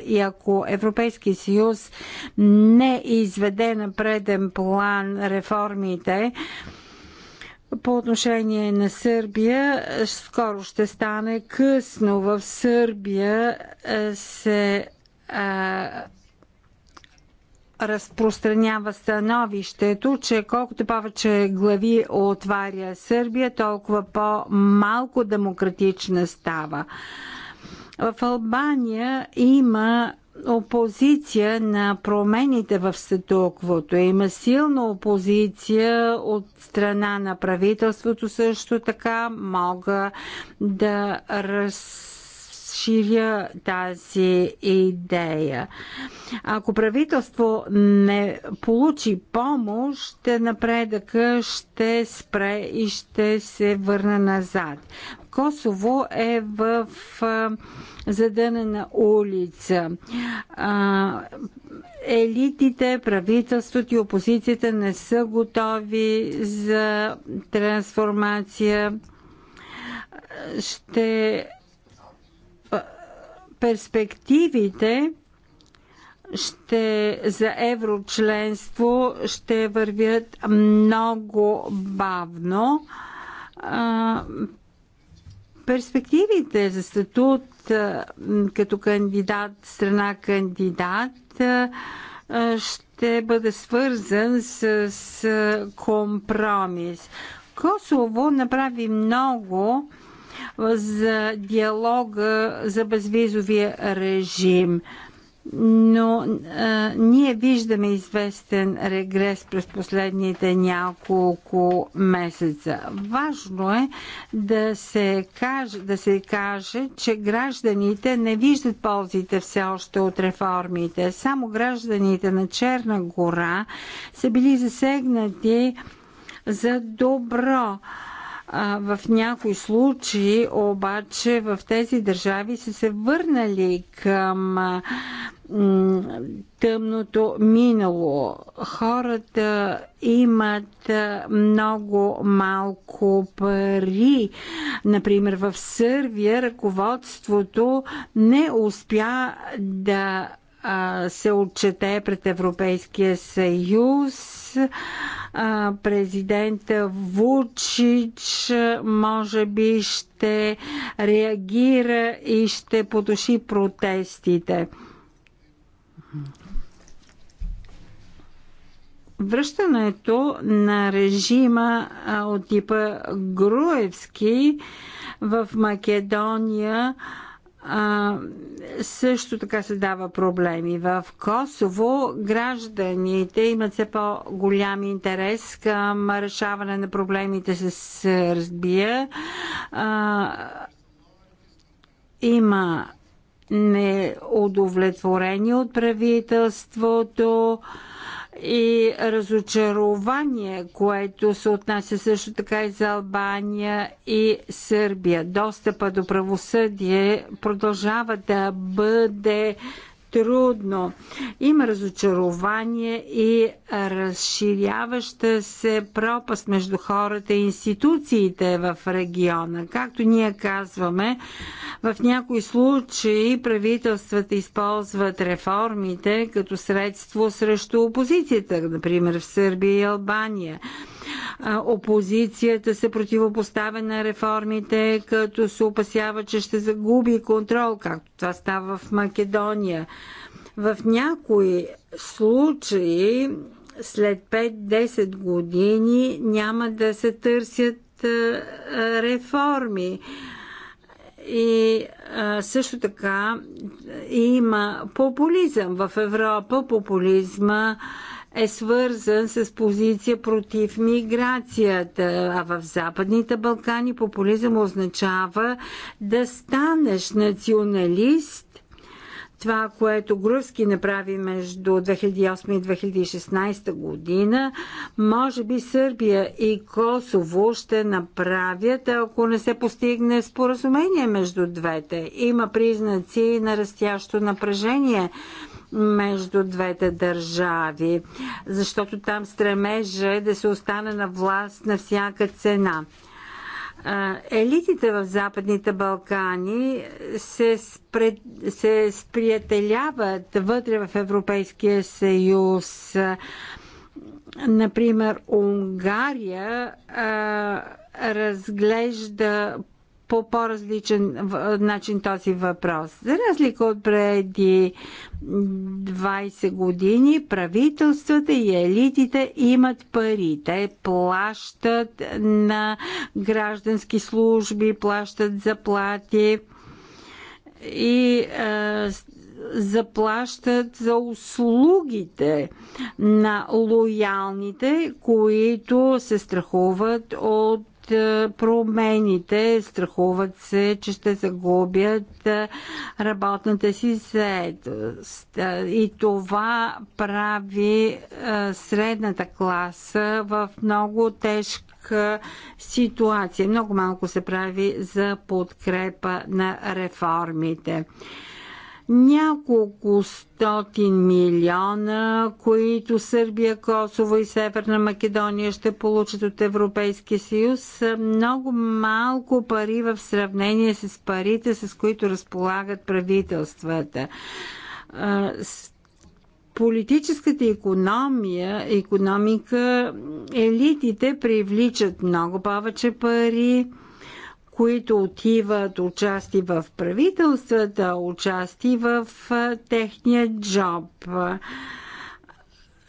И ако Европейския съюз не изведе на преден план реформите, по отношение на Сърбия, скоро ще стане късно. В Сърбия се а, разпространява становището, че колкото повече глави отваря Сърбия, толкова по-малко демократична става. В Албания има опозиция на промените в статуквото. Има силна опозиция от страна на правителството също така. Мога да раз разширя тази идея. Ако правителство не получи помощ, напредъка ще спре и ще се върне назад. Косово е в задънена улица. елитите, правителството и опозицията не са готови за трансформация. Ще перспективите ще, за еврочленство ще вървят много бавно. Перспективите за статут като кандидат, страна кандидат, ще бъде свързан с, с компромис. Косово направи много за диалога за безвизовия режим но а, ние виждаме известен регрес през последните няколко месеца. Важно е да се, каже, да се каже, че гражданите не виждат ползите все още от реформите. Само гражданите на Черна гора са били засегнати за добро. А, а, в някои случаи обаче в тези държави са се върнали към тъмното минало. Хората имат много малко пари. Например, в Сърбия ръководството не успя да се отчете пред Европейския съюз. Президент Вучич може би ще реагира и ще потуши протестите. Връщането на режима от типа Груевски в Македония а, също така се дава проблеми. В Косово гражданите имат все по-голям интерес към решаване на проблемите с Сърбия. А, има неудовлетворение от правителството и разочарование, което се отнася също така и за Албания и Сърбия. Достъпа до правосъдие продължава да бъде трудно. Има разочарование и разширяваща се пропаст между хората и институциите в региона. Както ние казваме, в някои случаи правителствата използват реформите като средство срещу опозицията, например в Сърбия и Албания. Опозицията се противопоставя на реформите, като се опасява, че ще загуби контрол, както това става в Македония. В някои случаи след 5-10 години няма да се търсят реформи. И а, също така има популизъм в Европа. Популизма е свързан с позиция против миграцията, а в Западните Балкани популизъм означава да станеш националист това, което Груски направи между 2008 и 2016 година, може би Сърбия и Косово ще направят, ако не се постигне споразумение между двете. Има признаци на растящо напрежение между двете държави, защото там стремежа е да се остане на власт на всяка цена. Елитите в Западните Балкани се, спред, се сприятеляват вътре в Европейския съюз. Например, Унгария а, разглежда по по-различен начин този въпрос. За разлика от преди 20 години, правителствата и елитите имат пари. Те плащат на граждански служби, плащат заплати и е, заплащат за услугите на лоялните, които се страхуват от е, промените, страхуват се, че ще загубят е, работната си заедост. Е, и това прави средната класа в много тежка ситуация. Много малко се прави за подкрепа на реформите няколко стотин милиона, които Сърбия, Косово и Северна Македония ще получат от Европейския съюз, са много малко пари в сравнение с парите, с които разполагат правителствата политическата економия, економика, елитите привличат много повече пари, които отиват участи в правителствата, участи в техния джоб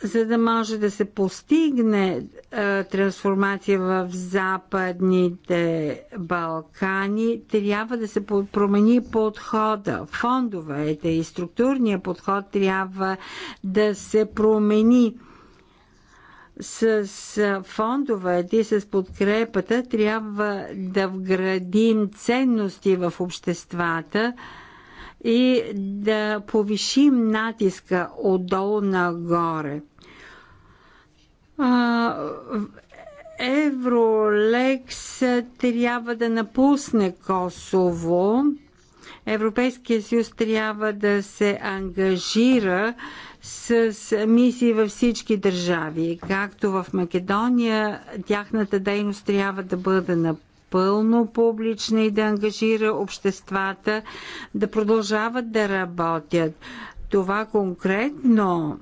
за да може да се постигне а, трансформация в Западните Балкани, трябва да се промени подхода. Фондовете и структурния подход трябва да се промени с фондовете и с подкрепата трябва да вградим ценности в обществата и да повишим натиска отдолу нагоре. Евролекс трябва да напусне Косово. Европейския съюз трябва да се ангажира с мисии във всички държави. Както в Македония, тяхната дейност трябва да бъде на напълно публична и да ангажира обществата да продължават да работят. Това конкретно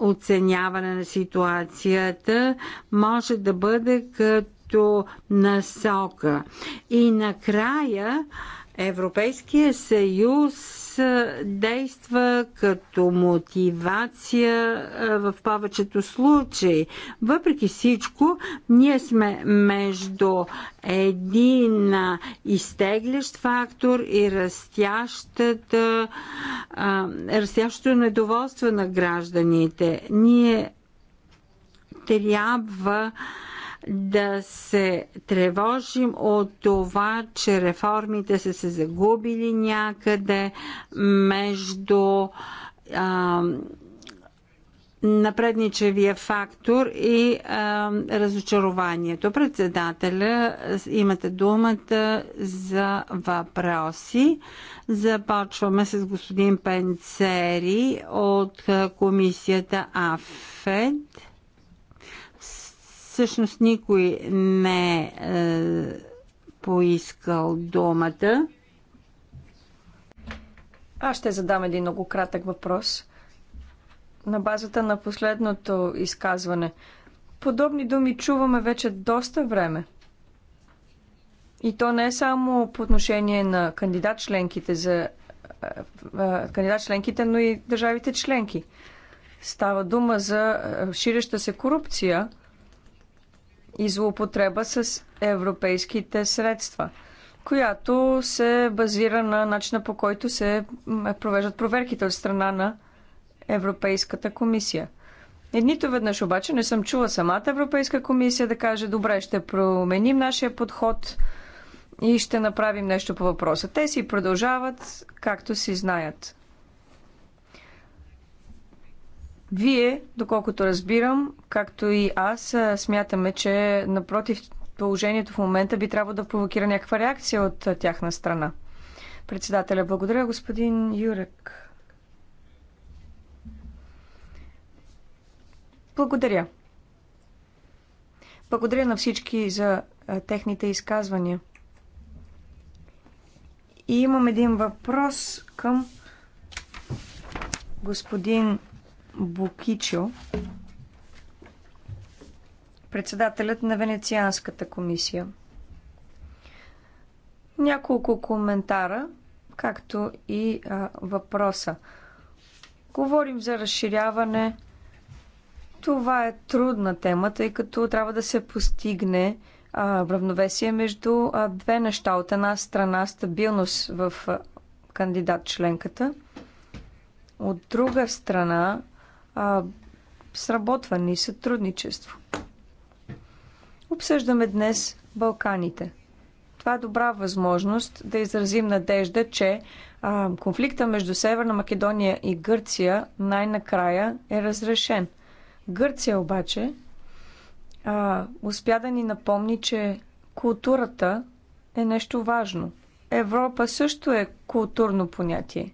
оценяване на ситуацията може да бъде като насока. И накрая Европейския съюз действа като мотивация в повечето случаи. Въпреки всичко, ние сме между един изтеглящ фактор и растящата, растящото недоволство на гражданите. Ние трябва да се тревожим от това, че реформите са се загубили някъде между а, напредничевия фактор и а, разочарованието. Председателя, имате думата за въпроси. Започваме с господин Пенцери от комисията АФЕД. Всъщност никой не е, е поискал думата. Аз ще задам един много кратък въпрос. На базата на последното изказване. Подобни думи чуваме вече доста време. И то не е само по отношение на кандидат-членките за е, е, кандидат-членките, но и държавите членки. Става дума за ширеща се корупция и злоупотреба с европейските средства, която се базира на начина по който се провеждат проверките от страна на Европейската комисия. И е, нито веднъж обаче не съм чула самата Европейска комисия да каже добре, ще променим нашия подход и ще направим нещо по въпроса. Те си продължават както си знаят. Вие, доколкото разбирам, както и аз, смятаме, че напротив положението в момента би трябвало да провокира някаква реакция от тяхна страна. Председателя, благодаря, господин Юрек. Благодаря. Благодаря на всички за техните изказвания. И имам един въпрос към господин Букичо, председателят на Венецианската комисия. Няколко коментара, както и а, въпроса. Говорим за разширяване. Това е трудна тема, тъй като трябва да се постигне а, равновесие между а, две неща. От една страна стабилност в а, кандидат членката, от друга страна а, сработване и сътрудничество. Обсъждаме днес Балканите. Това е добра възможност да изразим надежда, че а, конфликта между Северна Македония и Гърция най-накрая е разрешен. Гърция обаче а, успя да ни напомни, че културата е нещо важно. Европа също е културно понятие.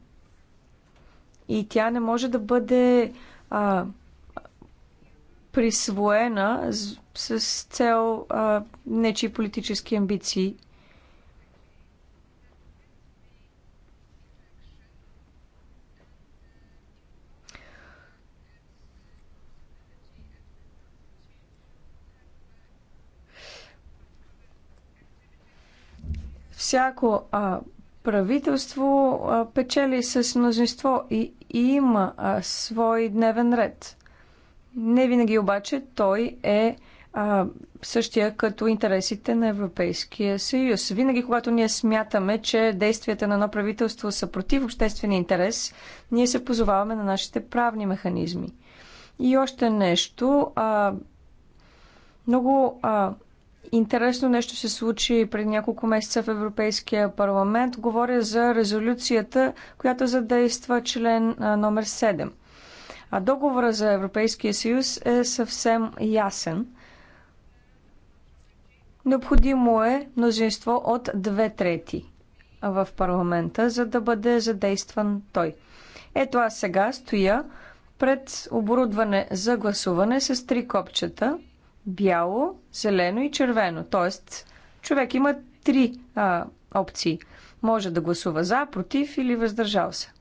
И тя не може да бъде а, присвоена с, с цел а, нечи политически амбиции. всяко а, правителство а, печели с мнозинство и и има а, свой дневен ред. Не винаги обаче той е а, същия като интересите на Европейския съюз. Винаги, когато ние смятаме, че действията на едно правителство са против обществения интерес, ние се позоваваме на нашите правни механизми. И още нещо. А, много а, Интересно нещо се случи пред няколко месеца в Европейския парламент. Говоря за резолюцията, която задейства член номер 7. А договора за Европейския съюз е съвсем ясен. Необходимо е мнозинство от две трети в парламента, за да бъде задействан той. Ето аз сега стоя пред оборудване за гласуване с три копчета – бяло, зелено и червено. Тоест, човек има три а, опции. Може да гласува за, против или въздържал се.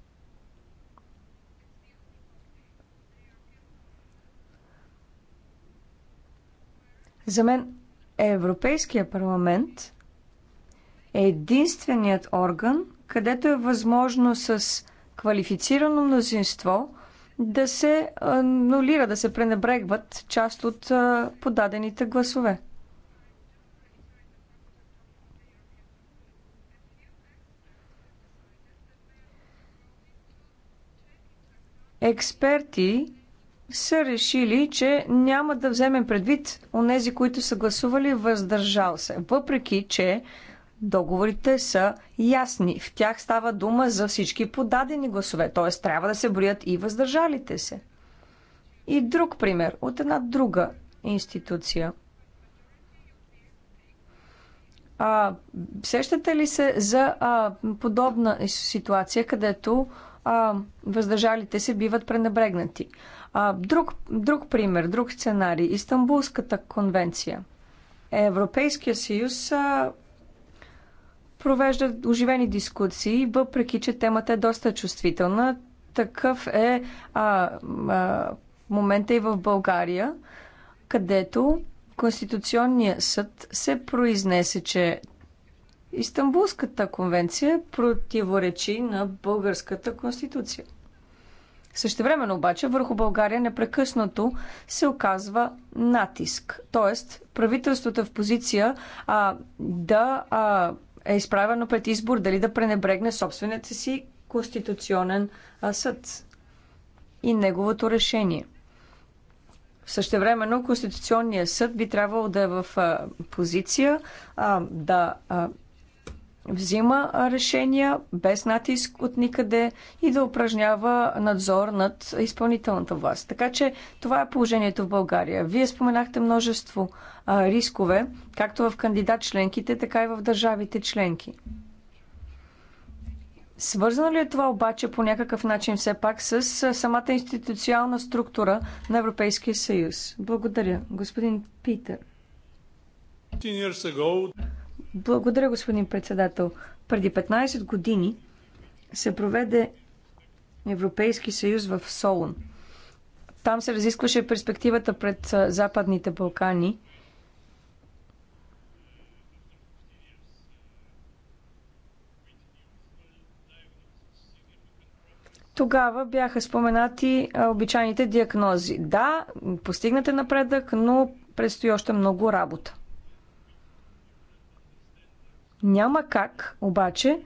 За мен Европейския парламент е единственият орган, където е възможно с квалифицирано мнозинство да се анулира, да се пренебрегват част от подадените гласове. Експерти са решили, че няма да вземем предвид онези, които са гласували въздържал се. Въпреки, че договорите са ясни. В тях става дума за всички подадени гласове, т.е. трябва да се броят и въздържалите се. И друг пример от една друга институция. А, сещате ли се за а, подобна ситуация, където а, въздържалите се биват пренебрегнати? А, друг, друг пример, друг сценарий Истанбулската конвенция. Европейския съюз а, провежда оживени дискусии, въпреки че темата е доста чувствителна. Такъв е а, а, момента и в България, където Конституционният съд се произнесе, че Истанбулската конвенция противоречи на българската конституция. времено обаче върху България непрекъснато се оказва натиск. Тоест правителството е в позиция а, да а, е изправено пред избор дали да пренебрегне собствената си конституционен съд и неговото решение. Същевременно Конституционният съд би трябвало да е в позиция а, да а, взима решения без натиск от никъде и да упражнява надзор над изпълнителната власт. Така че това е положението в България. Вие споменахте множество а, рискове, както в кандидат членките, така и в държавите членки. Свързано ли е това обаче по някакъв начин все пак с самата институционална структура на Европейския съюз? Благодаря. Господин Питер. 15 благодаря, господин председател. Преди 15 години се проведе Европейски съюз в Солун. Там се разискваше перспективата пред Западните Балкани. Тогава бяха споменати обичайните диагнози. Да, постигнате напредък, но предстои още много работа. Няма как, обаче,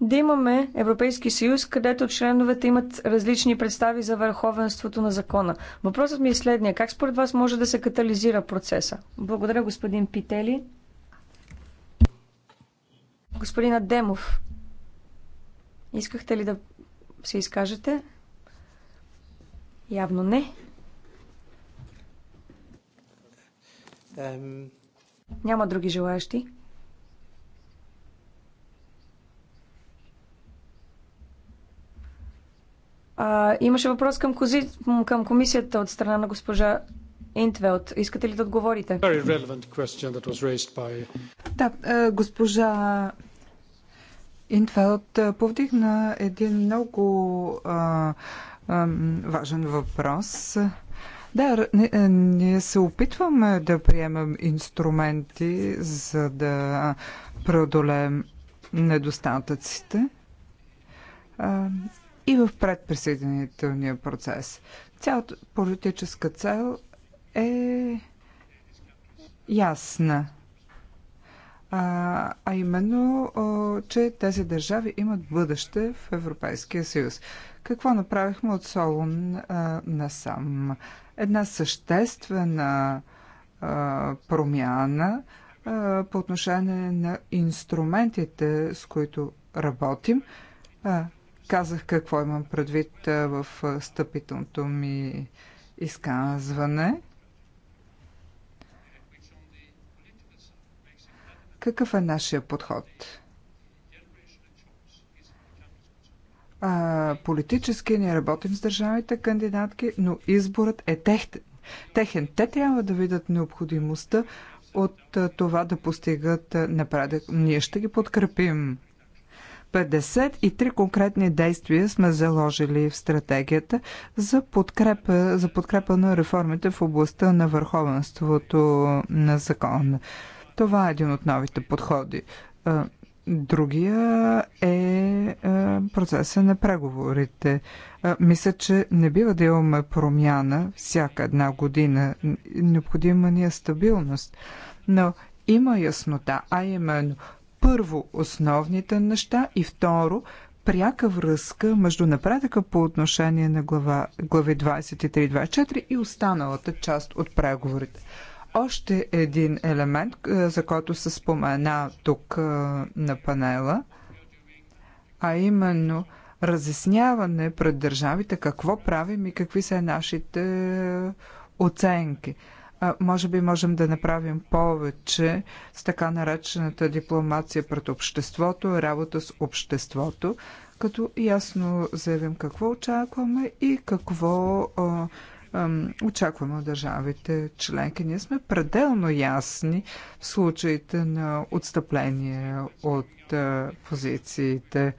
да имаме Европейски съюз, където членовете имат различни представи за върховенството на закона. Въпросът ми е следния. Как според вас може да се катализира процеса? Благодаря, господин Пители. Господин Адемов, искахте ли да се изкажете? Явно не. Няма други желаящи. А, имаше въпрос към, кози, към комисията от страна на госпожа Интвелт. Искате ли да отговорите? By... Да, е, госпожа Интвелт е, повдигна един много а, а, важен въпрос. Да, е, ние се опитваме да приемем инструменти, за да преодолеем недостатъците и в предприсъединителния процес. Цялата политическа цел е ясна. А, а именно, че тези държави имат бъдеще в Европейския съюз. Какво направихме от Солун насам? Една съществена а, промяна а, по отношение на инструментите, с които работим. А, Казах какво имам предвид в стъпителното ми изказване. Какъв е нашия подход? А, политически ние работим с държавите кандидатки, но изборът е техен. техен. Те трябва да видят необходимостта от това да постигат напредък. Ние ще ги подкрепим. 53 конкретни действия сме заложили в стратегията за подкрепа, за подкрепа на реформите в областта на върховенството на закона. Това е един от новите подходи. Другия е, е процеса на преговорите. Мисля, че не бива да имаме промяна всяка една година. Необходима ни е стабилност. Но има яснота, а именно първо основните неща и второ пряка връзка между напредъка по отношение на глава, глави 23 24 и останалата част от преговорите. Още един елемент, е, за който се спомена тук е, на панела, а именно разясняване пред държавите какво правим и какви са нашите е, оценки може би можем да направим повече с така наречената дипломация пред обществото, работа с обществото, като ясно заявим какво очакваме и какво а, а, очакваме от държавите членки. Ние сме пределно ясни в случаите на отстъпление от а, позициите.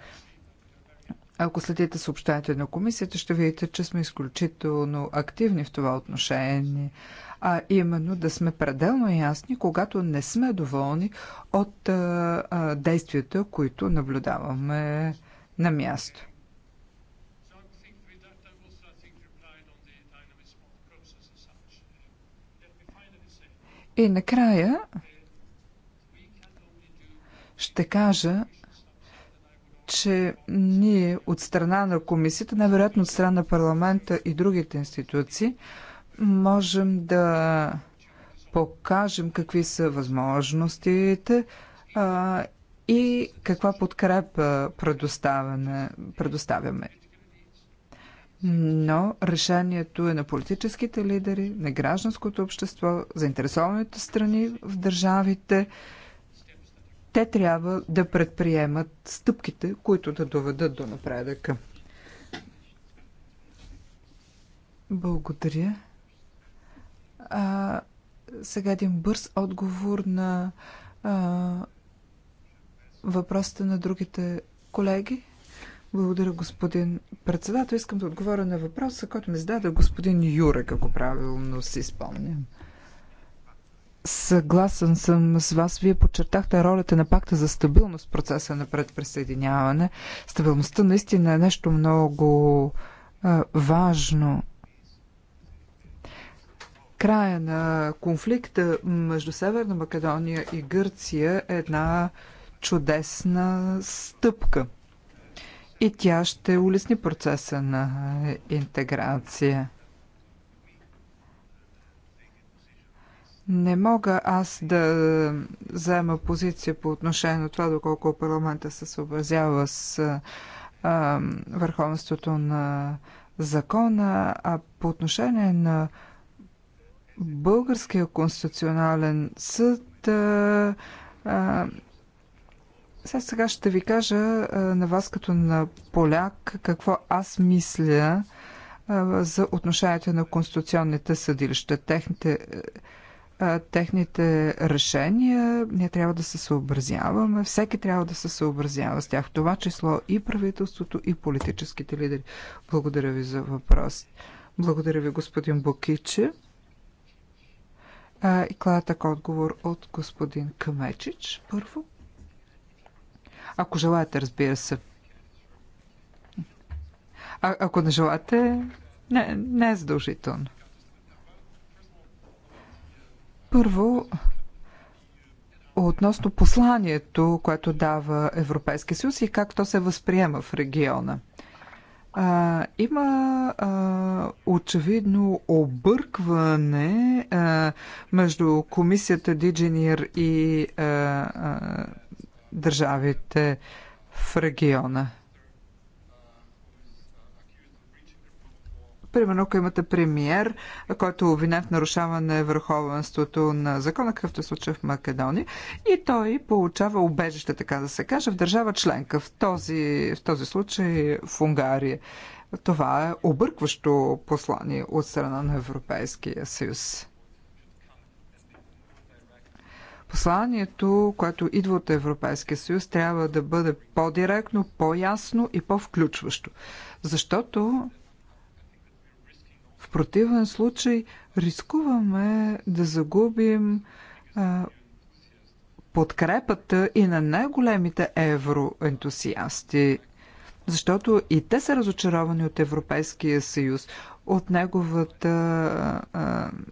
Ако следите съобщаните на комисията, ще видите, че сме изключително активни в това отношение а именно да сме пределно ясни, когато не сме доволни от а, а, действията, които наблюдаваме на място. И накрая ще кажа, че ние от страна на комисията, най-вероятно от страна на парламента и другите институции, можем да покажем какви са възможностите а, и каква подкрепа предоставяме. Но решението е на политическите лидери, на гражданското общество, заинтересованите страни в държавите. Те трябва да предприемат стъпките, които да доведат до напредъка. Благодаря. А, сега един бърз отговор на а, въпросите на другите колеги. Благодаря, господин председател. Искам да отговоря на въпроса, който ми зададе господин Юрек, ако правилно си спомням. Съгласен съм с вас. Вие подчертахте ролята на пакта за стабилност в процеса на предприсъединяване. Стабилността наистина е нещо много важно края на конфликта между Северна Македония и Гърция е една чудесна стъпка. И тя ще улесни процеса на интеграция. Не мога аз да взема позиция по отношение на това, доколко парламента се съобразява с а, върховенството на закона, а по отношение на Българския конституционален съд. А, а, сега, сега ще ви кажа а, на вас като на поляк какво аз мисля а, за отношението на конституционните съдилища. Техните, а, техните решения ние трябва да се съобразяваме. Всеки трябва да се съобразява с тях. това число и правителството, и политическите лидери. Благодаря ви за въпрос. Благодаря ви, господин Бокиче а, и кратък отговор от господин Камечич. Първо. Ако желаете, разбира се. А, ако не желаете, не, не е задължително. Първо, относно посланието, което дава Европейския съюз и как то се възприема в региона. А, има а, очевидно объркване а, между комисията Диджинир и а, а, държавите в региона. Примерно, ако имате премиер, който е обвинен в нарушаване върховенството на закона, какъвто е случай в Македония, и той получава убежище, така да се каже, в държава членка, в този, в този случай в Унгария. Това е объркващо послание от страна на Европейския съюз. Посланието, което идва от Европейския съюз, трябва да бъде по-директно, по-ясно и по-включващо. Защото в противен случай рискуваме да загубим а, подкрепата и на най-големите евроентусиасти, защото и те са разочаровани от Европейския съюз, от неговата,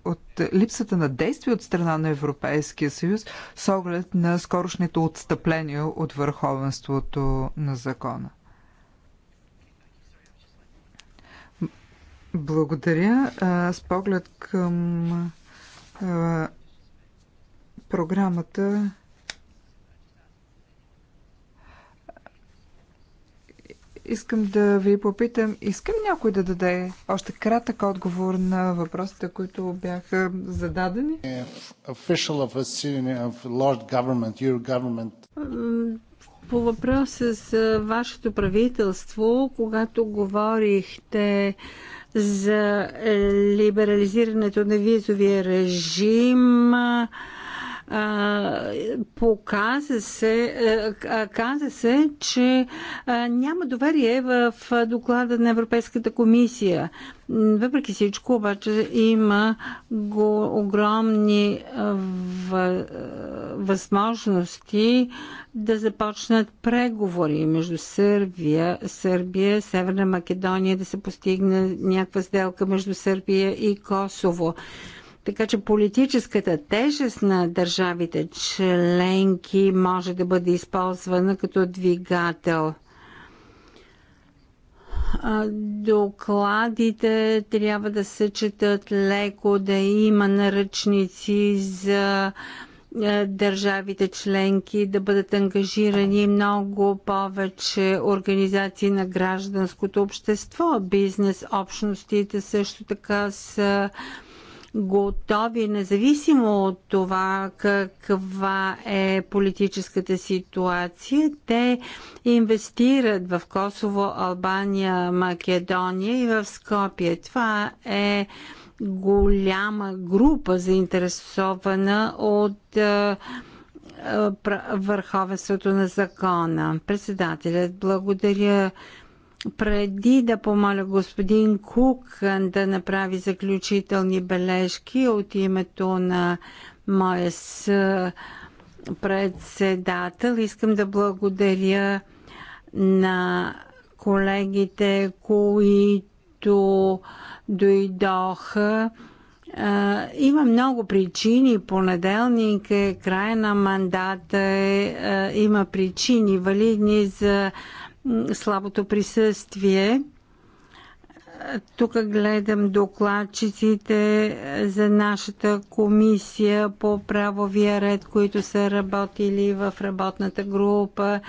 от липсата на действие от страна на Европейския съюз с оглед на скорошните отстъпления от върховенството на закона. Благодаря. С поглед към програмата искам да ви попитам, искам някой да даде още кратък отговор на въпросите, които бяха зададени? Е, по въпроса с вашето правителство, когато говорихте за е, либерализирането на визовия режим показа се, каза се, че няма доверие в доклада на Европейската комисия. Въпреки всичко, обаче, има го огромни възможности да започнат преговори между Сърбия, Сърбия, Северна Македония, да се постигне някаква сделка между Сърбия и Косово. Така че политическата тежест на държавите членки може да бъде използвана като двигател – докладите трябва да се четат леко, да има наръчници за е, държавите членки, да бъдат ангажирани много повече организации на гражданското общество. Бизнес общностите също така са готови, независимо от това каква е политическата ситуация, те инвестират в Косово, Албания, Македония и в Скопие. Това е голяма група заинтересована от е, е, върховенството на закона. Председателят, благодаря преди да помоля господин Кук да направи заключителни бележки от името на моя председател, искам да благодаря на колегите, които дойдоха. Има много причини. Понеделник е края на мандата. Е, има причини валидни за слабото присъствие. Тук гледам докладчиците за нашата комисия по правовия ред, които са работили в работната група,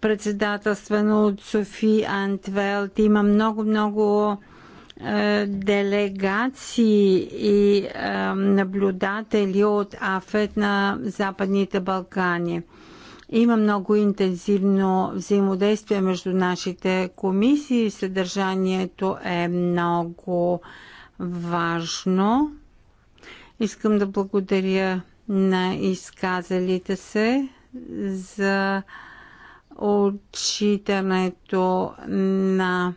председателствено от Софи Антвелт. Има много-много е, делегации и е, наблюдатели от АФЕТ на Западните Балкани. Има много интензивно взаимодействие между нашите комисии. Съдържанието е много важно. Искам да благодаря на изказалите се за отчитането на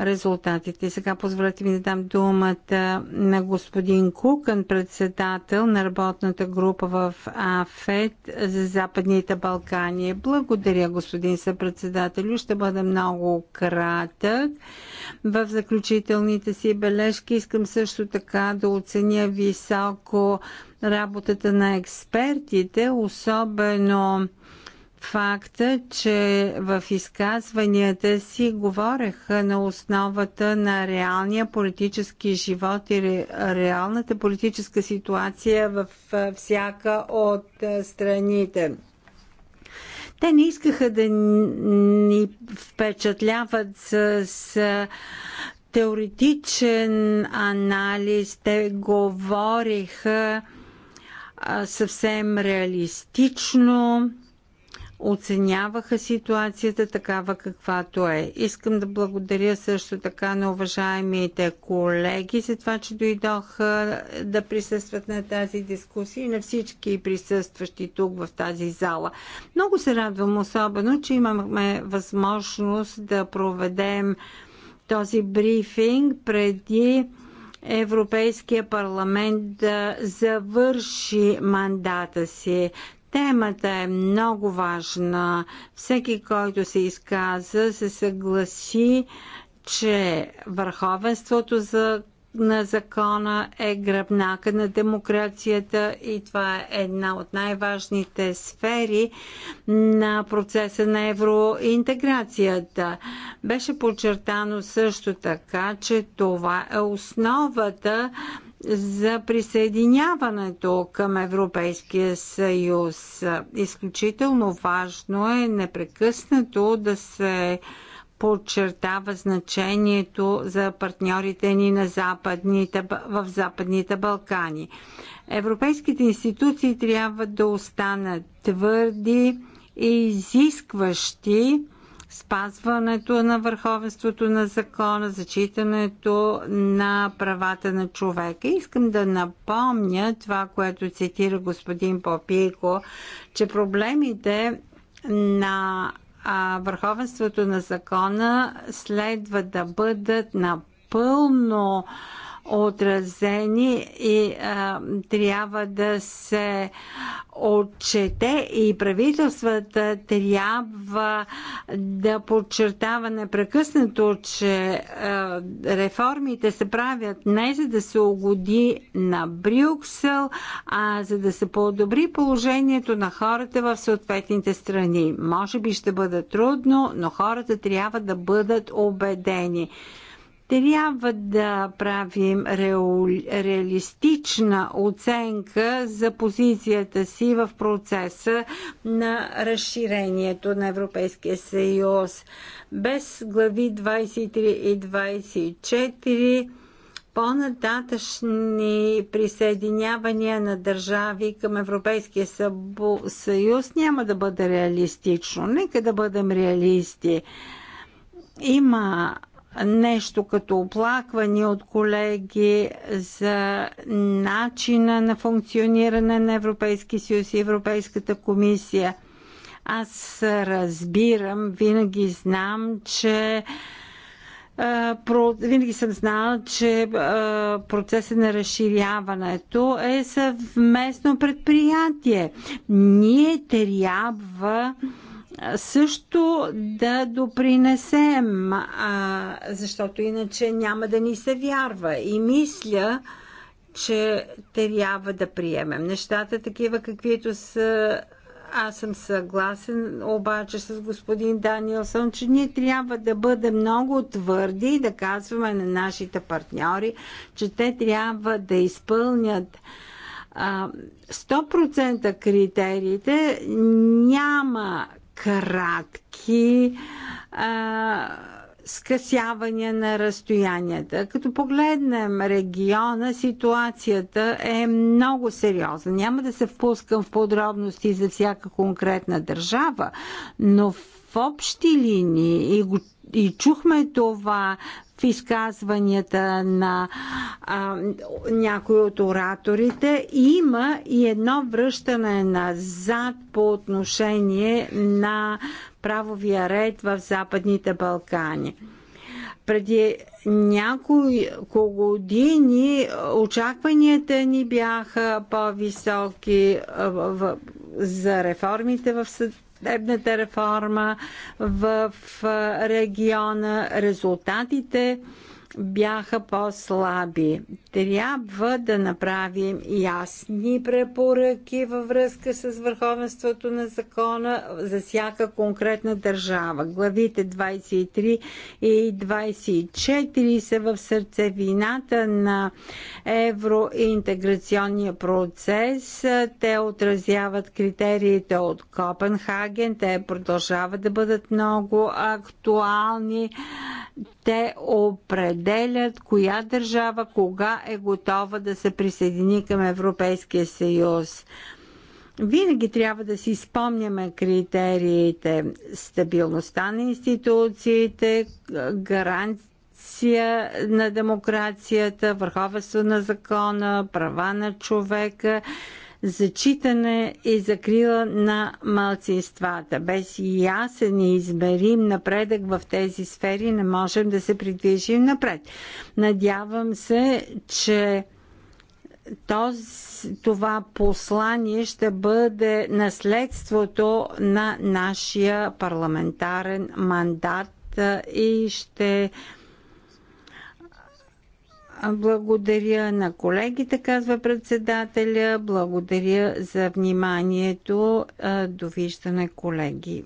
резултатите. Сега позволете ми да дам думата на господин Кукън, председател на работната група в АФЕД за Западните Балкани. Благодаря, господин съпредседател. Ще бъда много кратък. В заключителните си бележки искам също така да оценя високо работата на експертите, особено факта, че в изказванията си говореха на основата на реалния политически живот и реалната политическа ситуация в всяка от страните. Те не искаха да ни впечатляват с, с теоретичен анализ. Те говориха съвсем реалистично оценяваха ситуацията такава каквато е. Искам да благодаря също така на уважаемите колеги за това, че дойдоха да присъстват на тази дискусия и на всички присъстващи тук в тази зала. Много се радвам особено, че имаме възможност да проведем този брифинг преди Европейския парламент да завърши мандата си. Темата е много важна. Всеки, който се изказа, се съгласи, че върховенството за на закона е гръбнака на демокрацията и това е една от най-важните сфери на процеса на евроинтеграцията. Беше подчертано също така, че това е основата за присъединяването към Европейския съюз. Изключително важно е непрекъснато да се подчертава значението за партньорите ни на западните, в Западните Балкани. Европейските институции трябва да останат твърди и изискващи спазването на върховенството на закона, зачитането на правата на човека. Искам да напомня това, което цитира господин Попико, че проблемите на върховенството на закона следва да бъдат напълно пълно отразени и а, трябва да се отчете и правителствата трябва да подчертава непрекъснато, че а, реформите се правят не за да се угоди на Брюксел, а за да се подобри положението на хората в съответните страни. Може би ще бъде трудно, но хората трябва да бъдат убедени. Трябва да правим реалистична оценка за позицията си в процеса на разширението на Европейския съюз. Без глави 23 и 24 по-нататъчни присъединявания на държави към Европейския съюз няма да бъде реалистично. Нека да бъдем реалисти. Има нещо като оплакване от колеги за начина на функциониране на Европейски съюз и Европейската комисия. Аз разбирам, винаги знам, че винаги съм знала, че процесът на разширяването е съвместно предприятие. Ние трябва също да допринесем, а, защото иначе няма да ни се вярва. И мисля, че трябва да приемем нещата такива, каквито са. Аз съм съгласен обаче с господин Даниелсон, че ние трябва да бъдем много твърди и да казваме на нашите партньори, че те трябва да изпълнят 100% критериите. Няма кратки а, скъсявания на разстоянията. Като погледнем региона, ситуацията е много сериозна. Няма да се впускам в подробности за всяка конкретна държава, но в общи линии и го и чухме това в изказванията на а, някои от ораторите. Има и едно връщане назад по отношение на правовия ред в Западните Балкани. Преди няколко години очакванията ни бяха по-високи за реформите в съд съдебната реформа в региона, резултатите бяха по-слаби. Трябва да направим ясни препоръки във връзка с върховенството на закона за всяка конкретна държава. Главите 23 и 24 са в сърцевината на евроинтеграционния процес. Те отразяват критериите от Копенхаген. Те продължават да бъдат много актуални те определят коя държава кога е готова да се присъедини към Европейския съюз. Винаги трябва да си спомняме критериите стабилността на институциите, гаранция на демокрацията, върховенство на закона, права на човека зачитане и закрила на малцинствата. Без ясен и измерим напредък в тези сфери не можем да се придвижим напред. Надявам се, че този, това послание ще бъде наследството на нашия парламентарен мандат и ще благодаря на колегите, казва председателя. Благодаря за вниманието. Довиждане, колеги.